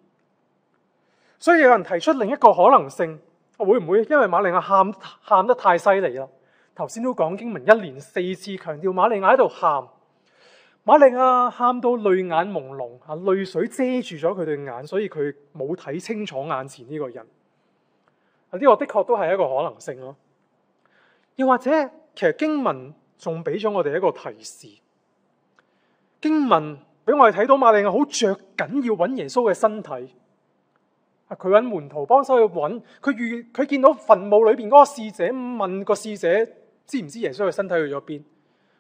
[SPEAKER 1] 所以有人提出另一個可能性，會唔會因為瑪利亞喊喊得太犀利啦？頭先都講經文一連四次強調瑪利亞喺度喊。瑪利亞喊到淚眼朦朧，啊，淚水遮住咗佢對眼，所以佢冇睇清楚眼前呢個人。呢個的確都係一個可能性咯。又或者，其實經文仲俾咗我哋一個提示，經文俾我哋睇到瑪利亞好着緊，要揾耶穌嘅身體，啊，佢揾門徒幫手去揾，佢遇佢見到墳墓裏邊嗰個侍者，問個侍者知唔知耶穌嘅身體去咗邊？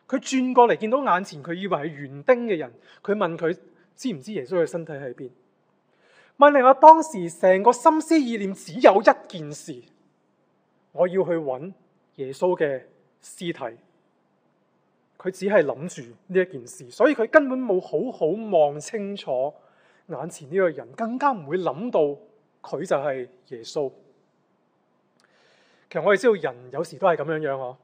[SPEAKER 1] 佢轉過嚟見到眼前佢以為係園丁嘅人，佢問佢知唔知耶穌嘅身體喺邊？問令我當時成個心思意念只有一件事，我要去揾耶穌嘅屍體。佢只係諗住呢一件事，所以佢根本冇好好望清楚眼前呢個人，更加唔會諗到佢就係耶穌。其實我哋知道人有時都係咁樣樣，我。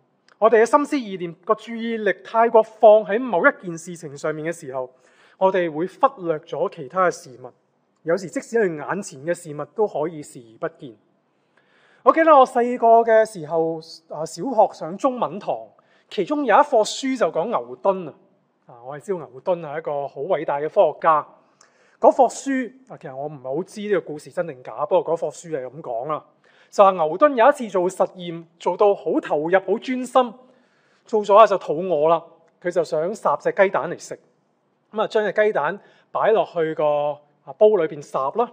[SPEAKER 1] 我哋嘅心思意念、個注意力太過放喺某一件事情上面嘅時候，我哋會忽略咗其他嘅事物。有時即使係眼前嘅事物都可以視而不見。我記得我細個嘅時候，啊，小學上中文堂，其中有一課書就講牛頓啊。啊，我係知道牛頓係一個好偉大嘅科學家。嗰課書啊，其實我唔係好知呢個故事真定假，不過嗰課書係咁講啦。就係牛頓有一次做實驗做到好投入好專心，做咗下就肚餓啦，佢就想烚隻雞蛋嚟食咁啊將隻雞蛋擺落去個啊煲裏邊烚啦。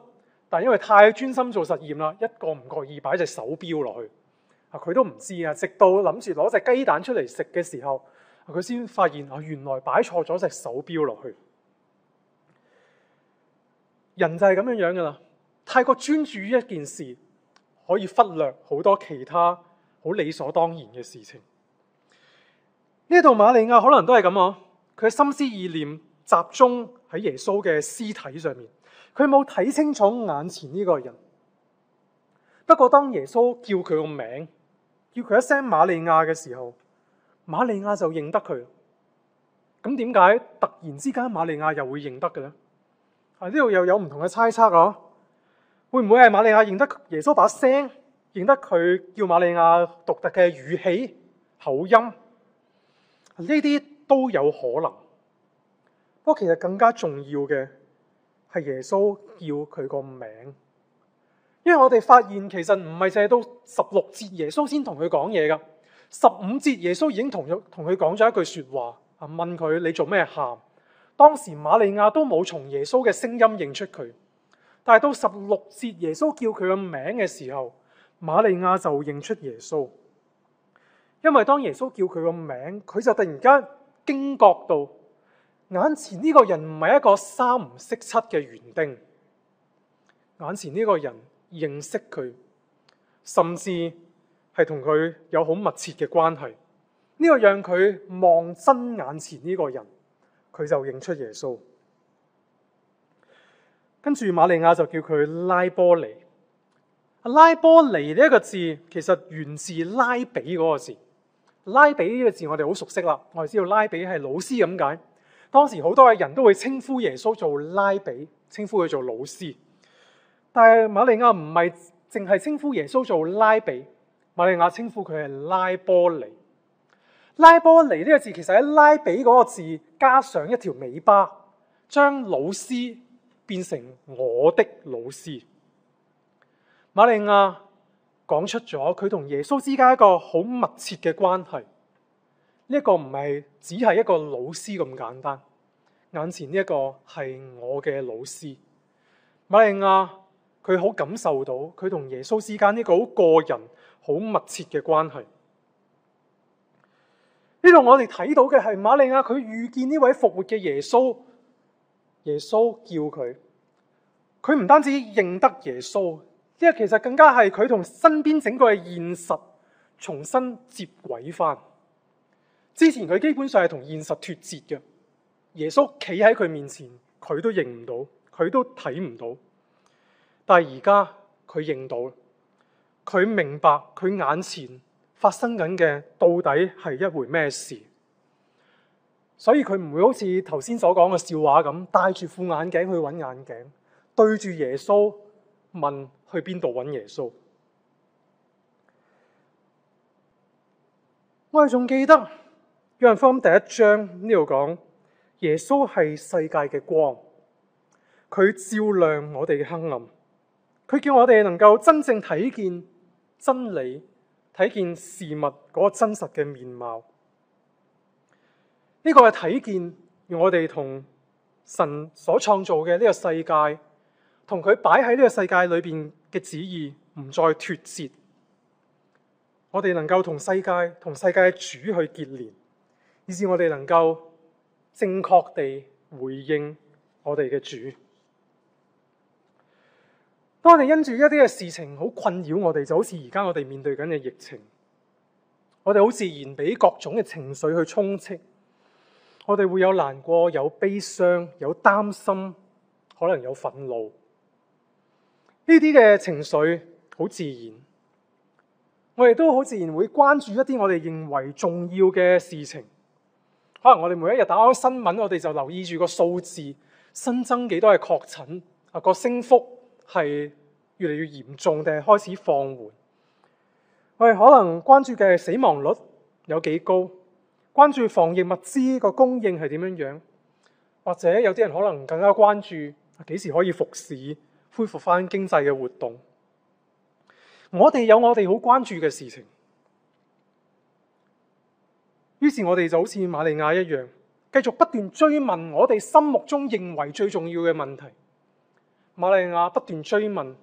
[SPEAKER 1] 但因為太專心做實驗啦，一個唔覺意擺隻手錶落去啊，佢都唔知啊，直到諗住攞隻雞蛋出嚟食嘅時候，佢先發現啊，原來擺錯咗隻手錶落去。人就係咁樣樣噶啦，太過專注於一件事，可以忽略好多其他好理所當然嘅事情。呢度馬利亞可能都係咁啊，佢嘅心思意念集中喺耶穌嘅屍體上面，佢冇睇清楚眼前呢個人。不過當耶穌叫佢個名，叫佢一聲馬利亞嘅時候，馬利亞就認得佢。咁點解突然之間馬利亞又會認得嘅咧？啊，呢度又有唔同嘅猜測啊！會唔會係瑪利亞認得耶穌把聲，認得佢叫瑪利亞獨特嘅語氣、口音？呢啲都有可能。不過其實更加重要嘅係耶穌叫佢個名，因為我哋發現其實唔係淨係到十六節耶穌先同佢講嘢噶，十五節耶穌已經同佢同佢講咗一句說話，啊問佢你做咩喊？當時瑪利亞都冇從耶穌嘅聲音認出佢。但到十六節，耶穌叫佢個名嘅時候，瑪利亞就認出耶穌。因為當耶穌叫佢個名，佢就突然間驚覺到眼前呢個人唔係一個三唔識七嘅園丁，眼前呢個人認識佢，甚至係同佢有好密切嘅關係。呢、這個讓佢望真眼前呢個人，佢就認出耶穌。跟住瑪利亞就叫佢拉波尼。拉波尼呢一個字其實源自拉比嗰個字。拉比呢個字我哋好熟悉啦，我哋知道拉比係老師咁解。當時好多嘅人都會稱呼耶穌做拉比，稱呼佢做老師。但係瑪利亞唔係淨係稱呼耶穌做拉比，瑪利亞稱呼佢係拉波尼。拉波尼呢個字其實喺拉比嗰個字加上一條尾巴，將老師變成我的老師，瑪利亞講出咗佢同耶穌之間一個好密切嘅關係。呢一個唔係只係一個老師咁簡單，眼前呢一個係我嘅老師。瑪利亞佢好感受到佢同耶穌之間呢個好個人、好密切嘅關係。呢度我哋睇到嘅係瑪利亞佢遇見呢位復活嘅耶穌。耶穌叫佢，佢唔單止認得耶穌，因為其實更加係佢同身邊整個嘅現實重新接軌翻。之前佢基本上係同現實脱節嘅，耶穌企喺佢面前，佢都認唔到，佢都睇唔到。但係而家佢認到，佢明白佢眼前發生緊嘅到底係一回咩事。所以佢唔會好似頭先所講嘅笑話咁，戴住副眼鏡去揾眼鏡，對住耶穌問去邊度揾耶穌。我哋仲記得約翰福音第一章呢度講，耶穌係世界嘅光，佢照亮我哋嘅黑暗，佢叫我哋能夠真正睇見真理，睇見事物嗰個真實嘅面貌。呢個係睇見用我哋同神所創造嘅呢個世界，同佢擺喺呢個世界裏邊嘅旨意唔再脫節，我哋能夠同世界同世界嘅主去結連，以至我哋能夠正確地回應我哋嘅主。當我哋因住一啲嘅事情好困擾我哋，就好似而家我哋面對緊嘅疫情，我哋好自然俾各種嘅情緒去充斥。我哋會有難過、有悲傷、有擔心，可能有憤怒。呢啲嘅情緒好自然，我哋都好自然會關注一啲我哋認為重要嘅事情。可能我哋每一日打開新聞，我哋就留意住個數字新增幾多嘅確診，啊個升幅係越嚟越嚴重定係開始放緩。我哋可能關注嘅死亡率有幾高。關注防疫物資個供應係點樣樣，或者有啲人可能更加關注幾時可以復市、恢復翻經濟嘅活動。我哋有我哋好關注嘅事情，於是我哋就好似瑪利亞一樣，繼續不斷追問我哋心目中認為最重要嘅問題。瑪利亞不斷追問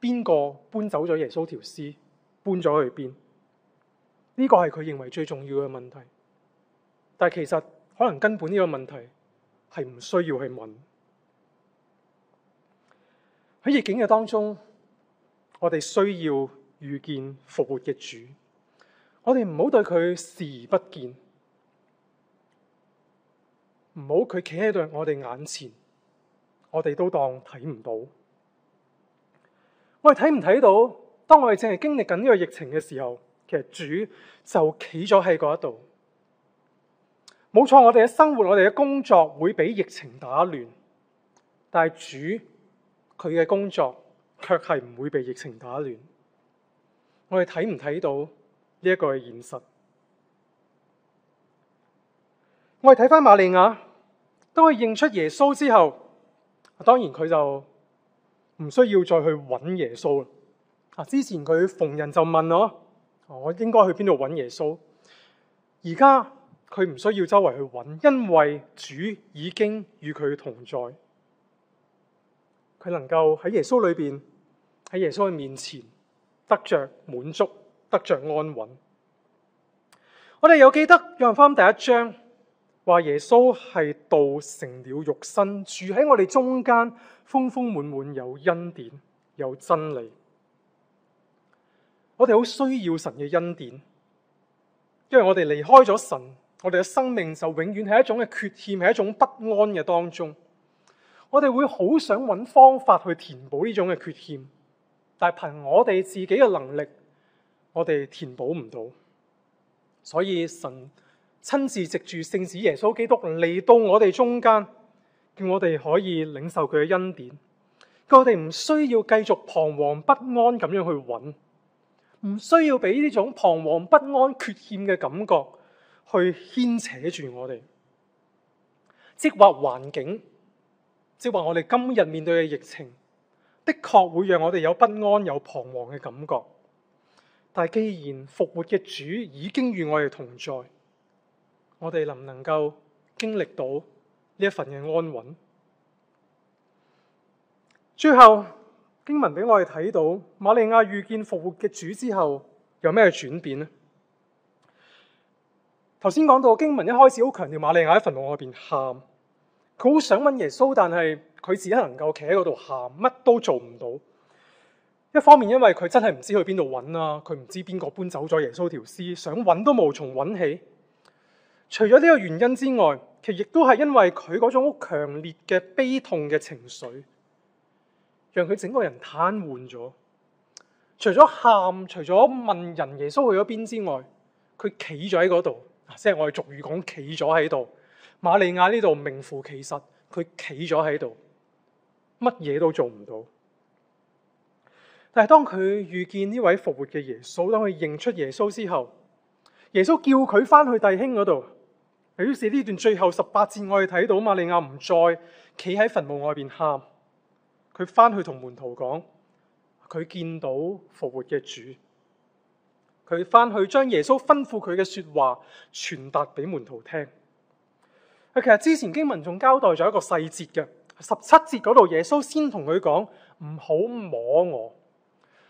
[SPEAKER 1] 邊個搬走咗耶穌條屍，搬咗去邊？呢個係佢認為最重要嘅問題，但係其實可能根本呢個問題係唔需要去問。喺逆境嘅當中，我哋需要遇見復活嘅主。我哋唔好對佢視而不見，唔好佢企喺度我哋眼前，我哋都當睇唔到。我哋睇唔睇到？當我哋正係經歷緊呢個疫情嘅時候。其實主就企咗喺嗰度，冇錯。我哋嘅生活，我哋嘅工作會俾疫情打亂，但係主佢嘅工作卻係唔會被疫情打亂。我哋睇唔睇到呢一個係現實？我哋睇翻馬利亞，當佢認出耶穌之後，當然佢就唔需要再去揾耶穌啦。啊，之前佢逢人就問我。我應該去邊度揾耶穌？而家佢唔需要周圍去揾，因為主已經與佢同在。佢能夠喺耶穌裏邊，喺耶穌嘅面前，得着滿足，得着安穩。我哋有記得《約翰福音》第一章，話耶穌係道成了肉身，住喺我哋中間，豐豐滿滿有恩典，有真理。我哋好需要神嘅恩典，因為我哋離開咗神，我哋嘅生命就永遠係一種嘅缺陷，係一種不安嘅當中。我哋會好想揾方法去填補呢種嘅缺陷，但係憑我哋自己嘅能力，我哋填補唔到。所以神親自藉住聖子耶穌基督嚟到我哋中間，叫我哋可以領受佢嘅恩典，叫我哋唔需要繼續彷徨不安咁樣去揾。唔需要俾呢種彷徨不安缺欠嘅感覺去牽扯住我哋。即或環境，即或我哋今日面對嘅疫情，的確會讓我哋有不安有彷徨嘅感覺。但既然復活嘅主已經與我哋同在，我哋能唔能夠經歷到呢一份嘅安穩？最後。經文俾我哋睇到，瑪利亞遇見復活嘅主之後有咩轉變咧？頭先講到經文一開始好強調瑪利亞喺墳墓外邊喊，佢好想揾耶穌，但係佢只係能夠企喺嗰度喊，乜都做唔到。一方面因為佢真係唔知去邊度揾啊，佢唔知邊個搬走咗耶穌條屍，想揾都無從揾起。除咗呢個原因之外，其實亦都係因為佢嗰種好強烈嘅悲痛嘅情緒。讓佢整個人癱瘓咗，除咗喊，除咗問人耶穌去咗邊之外，佢企咗喺嗰度，即係我哋俗語講企咗喺度。瑪利亞呢度名副其實，佢企咗喺度，乜嘢都做唔到。但係當佢遇見呢位復活嘅耶穌，當佢認出耶穌之後，耶穌叫佢翻去弟兄嗰度。於是呢段最後十八節，我哋睇到瑪利亞唔再企喺墳墓外邊喊。佢翻去同門徒講，佢見到復活嘅主。佢翻去將耶穌吩咐佢嘅説話傳達俾門徒聽。啊，其實之前經文仲交代咗一個細節嘅，十七節嗰度耶穌先同佢講唔好摸我。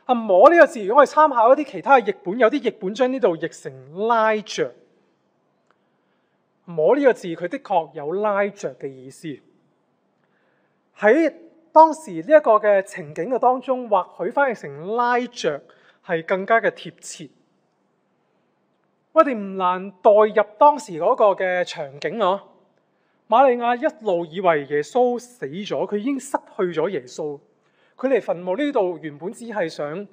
[SPEAKER 1] 啊，摸呢個字，如果我哋參考一啲其他嘅譯本，有啲譯本將呢度譯成拉着。摸呢個字，佢的確有拉着嘅意思。喺當時呢一個嘅情景嘅當中，或許翻譯成拉着係更加嘅貼切。我哋唔難代入當時嗰個嘅場景啊！馬利亞一路以為耶穌死咗，佢已經失去咗耶穌。佢嚟墳墓呢度原本只係想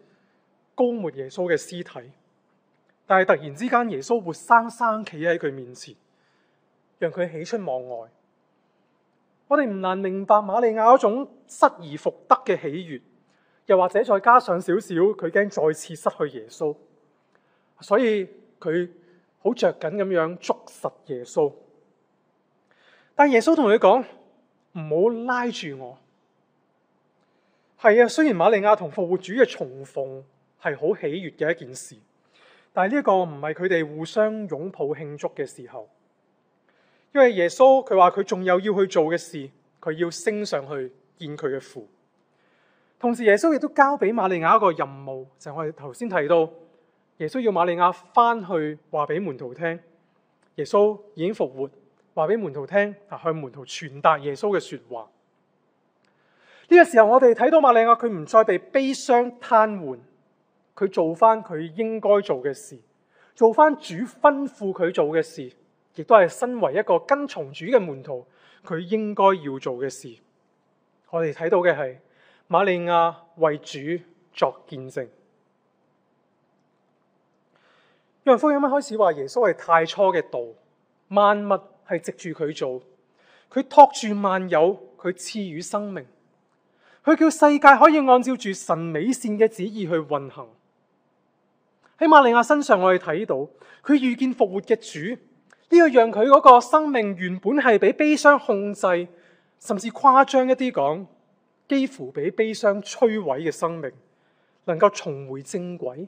[SPEAKER 1] 膏抹耶穌嘅屍體，但係突然之間耶穌活生生企喺佢面前，讓佢喜出望外。我哋唔難明白瑪利亞嗰種失而復得嘅喜悅，又或者再加上少少佢驚再次失去耶穌，所以佢好着緊咁樣捉實耶穌。但耶穌同佢講，唔好拉住我。係啊，雖然瑪利亞同復活主嘅重逢係好喜悅嘅一件事，但係呢個唔係佢哋互相擁抱慶祝嘅時候。因為耶穌佢話佢仲有要去做嘅事，佢要升上去見佢嘅父。同時耶穌亦都交俾瑪利亞一個任務，就係、是、我哋頭先提到，耶穌要瑪利亞翻去話俾門徒聽，耶穌已經復活，話俾門徒聽，向門徒傳達耶穌嘅說話。呢、這個時候我哋睇到瑪利亞，佢唔再被悲傷癱瘓，佢做翻佢應該做嘅事，做翻主吩咐佢做嘅事。亦都係身為一個跟從主嘅門徒，佢應該要做嘅事。我哋睇到嘅係瑪利亞為主作見證。因為福音一開始話耶穌係太初嘅道，萬物係藉住佢做，佢托住萬有，佢賜予生命，佢叫世界可以按照住神美善嘅旨意去運行。喺瑪利亞身上我，我哋睇到佢遇見復活嘅主。呢個讓佢嗰個生命原本係俾悲傷控制，甚至誇張一啲講，幾乎俾悲傷摧毀嘅生命，能夠重回正軌，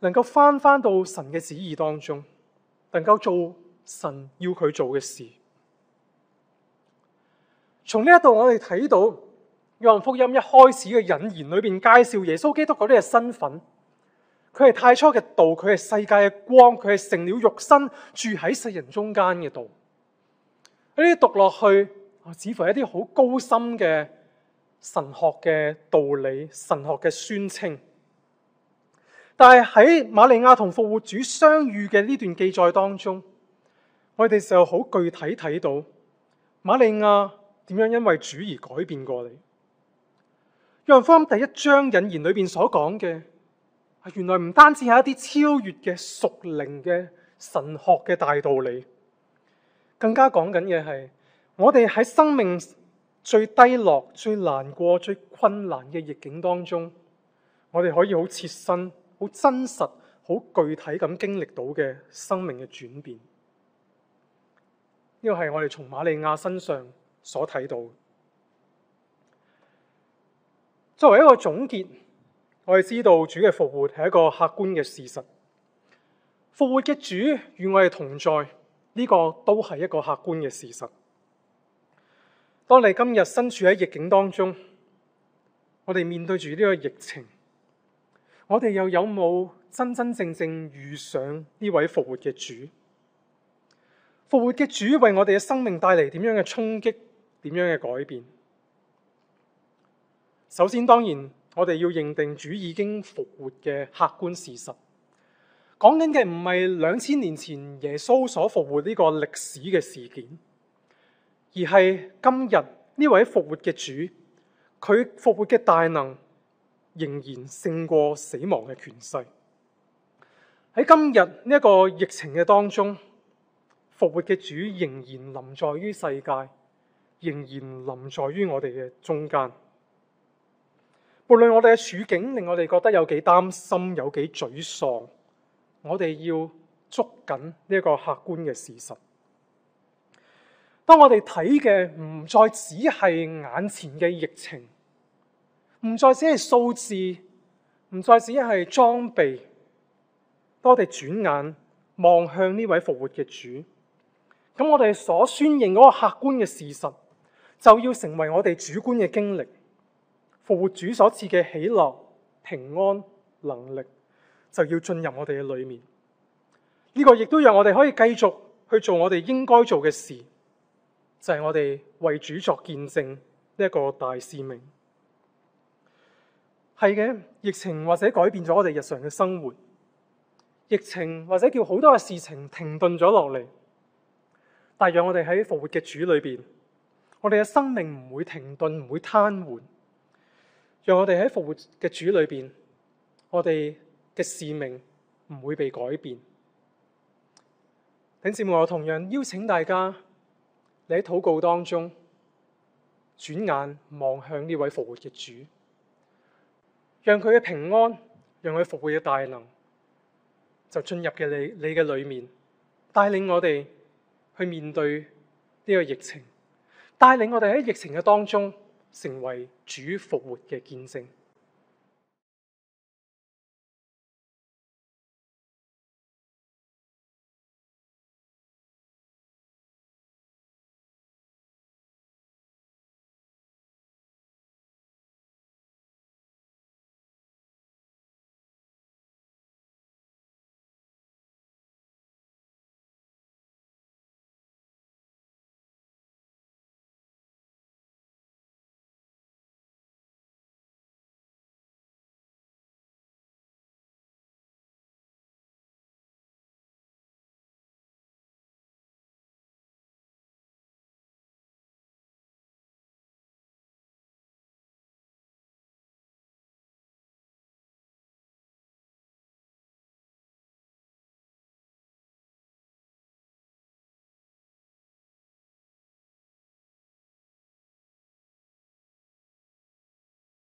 [SPEAKER 1] 能夠翻翻到神嘅旨意當中，能夠做神要佢做嘅事。從呢一度我哋睇到約翰福音一開始嘅引言裏邊介紹耶穌基督嗰啲嘅身份。佢係太初嘅道，佢係世界嘅光，佢係成了肉身住喺世人中間嘅道。呢啲讀落去，似乎係一啲好高深嘅神學嘅道理、神學嘅宣稱。但係喺瑪利亞同復活主相遇嘅呢段記載當中，我哋就好具體睇到瑪利亞點樣因為主而改變過嚟。約翰福音第一章引言裏邊所講嘅。原來唔單止係一啲超越嘅屬靈嘅神學嘅大道理，更加講緊嘅係我哋喺生命最低落、最難過、最困難嘅逆境當中，我哋可以好切身、好真實、好具體咁經歷到嘅生命嘅轉變。呢個係我哋從瑪利亞身上所睇到，作為一個總結。我哋知道主嘅復活係一個客觀嘅事實，復活嘅主與我哋同在，呢個都係一個客觀嘅事實。當你今日身處喺逆境當中，我哋面對住呢個疫情，我哋又有冇真真正正遇上呢位復活嘅主？復活嘅主為我哋嘅生命帶嚟點樣嘅衝擊？點樣嘅改變？首先，當然。我哋要認定主已經復活嘅客觀事實，講緊嘅唔係兩千年前耶穌所復活呢個歷史嘅事件，而係今日呢位復活嘅主，佢復活嘅大能仍然勝過死亡嘅權勢。喺今日呢一個疫情嘅當中，復活嘅主仍然臨在於世界，仍然臨在於我哋嘅中間。無論我哋嘅處境令我哋覺得有幾擔心，有幾沮喪，我哋要捉緊呢個客觀嘅事實。當我哋睇嘅唔再只係眼前嘅疫情，唔再只係數字，唔再只係裝備，當我哋轉眼望向呢位復活嘅主，咁我哋所宣認嗰個客觀嘅事實，就要成為我哋主觀嘅經歷。復活主所賜嘅喜樂、平安、能力，就要進入我哋嘅裏面。呢、這個亦都讓我哋可以繼續去做我哋應該做嘅事，就係、是、我哋為主作見證呢一個大使命。係嘅，疫情或者改變咗我哋日常嘅生活，疫情或者叫好多嘅事情停頓咗落嚟，但係讓我哋喺復活嘅主裏邊，我哋嘅生命唔會停頓，唔會癱瘓。讓我哋喺復活嘅主裏邊，我哋嘅使命唔會被改變。弟兄姊妹，我同樣邀請大家，你喺禱告當中，轉眼望向呢位復活嘅主，讓佢嘅平安，讓佢復活嘅大能，就進入嘅你你嘅裏面，帶領我哋去面對呢個疫情，帶領我哋喺疫情嘅當中，成為主復活嘅見證。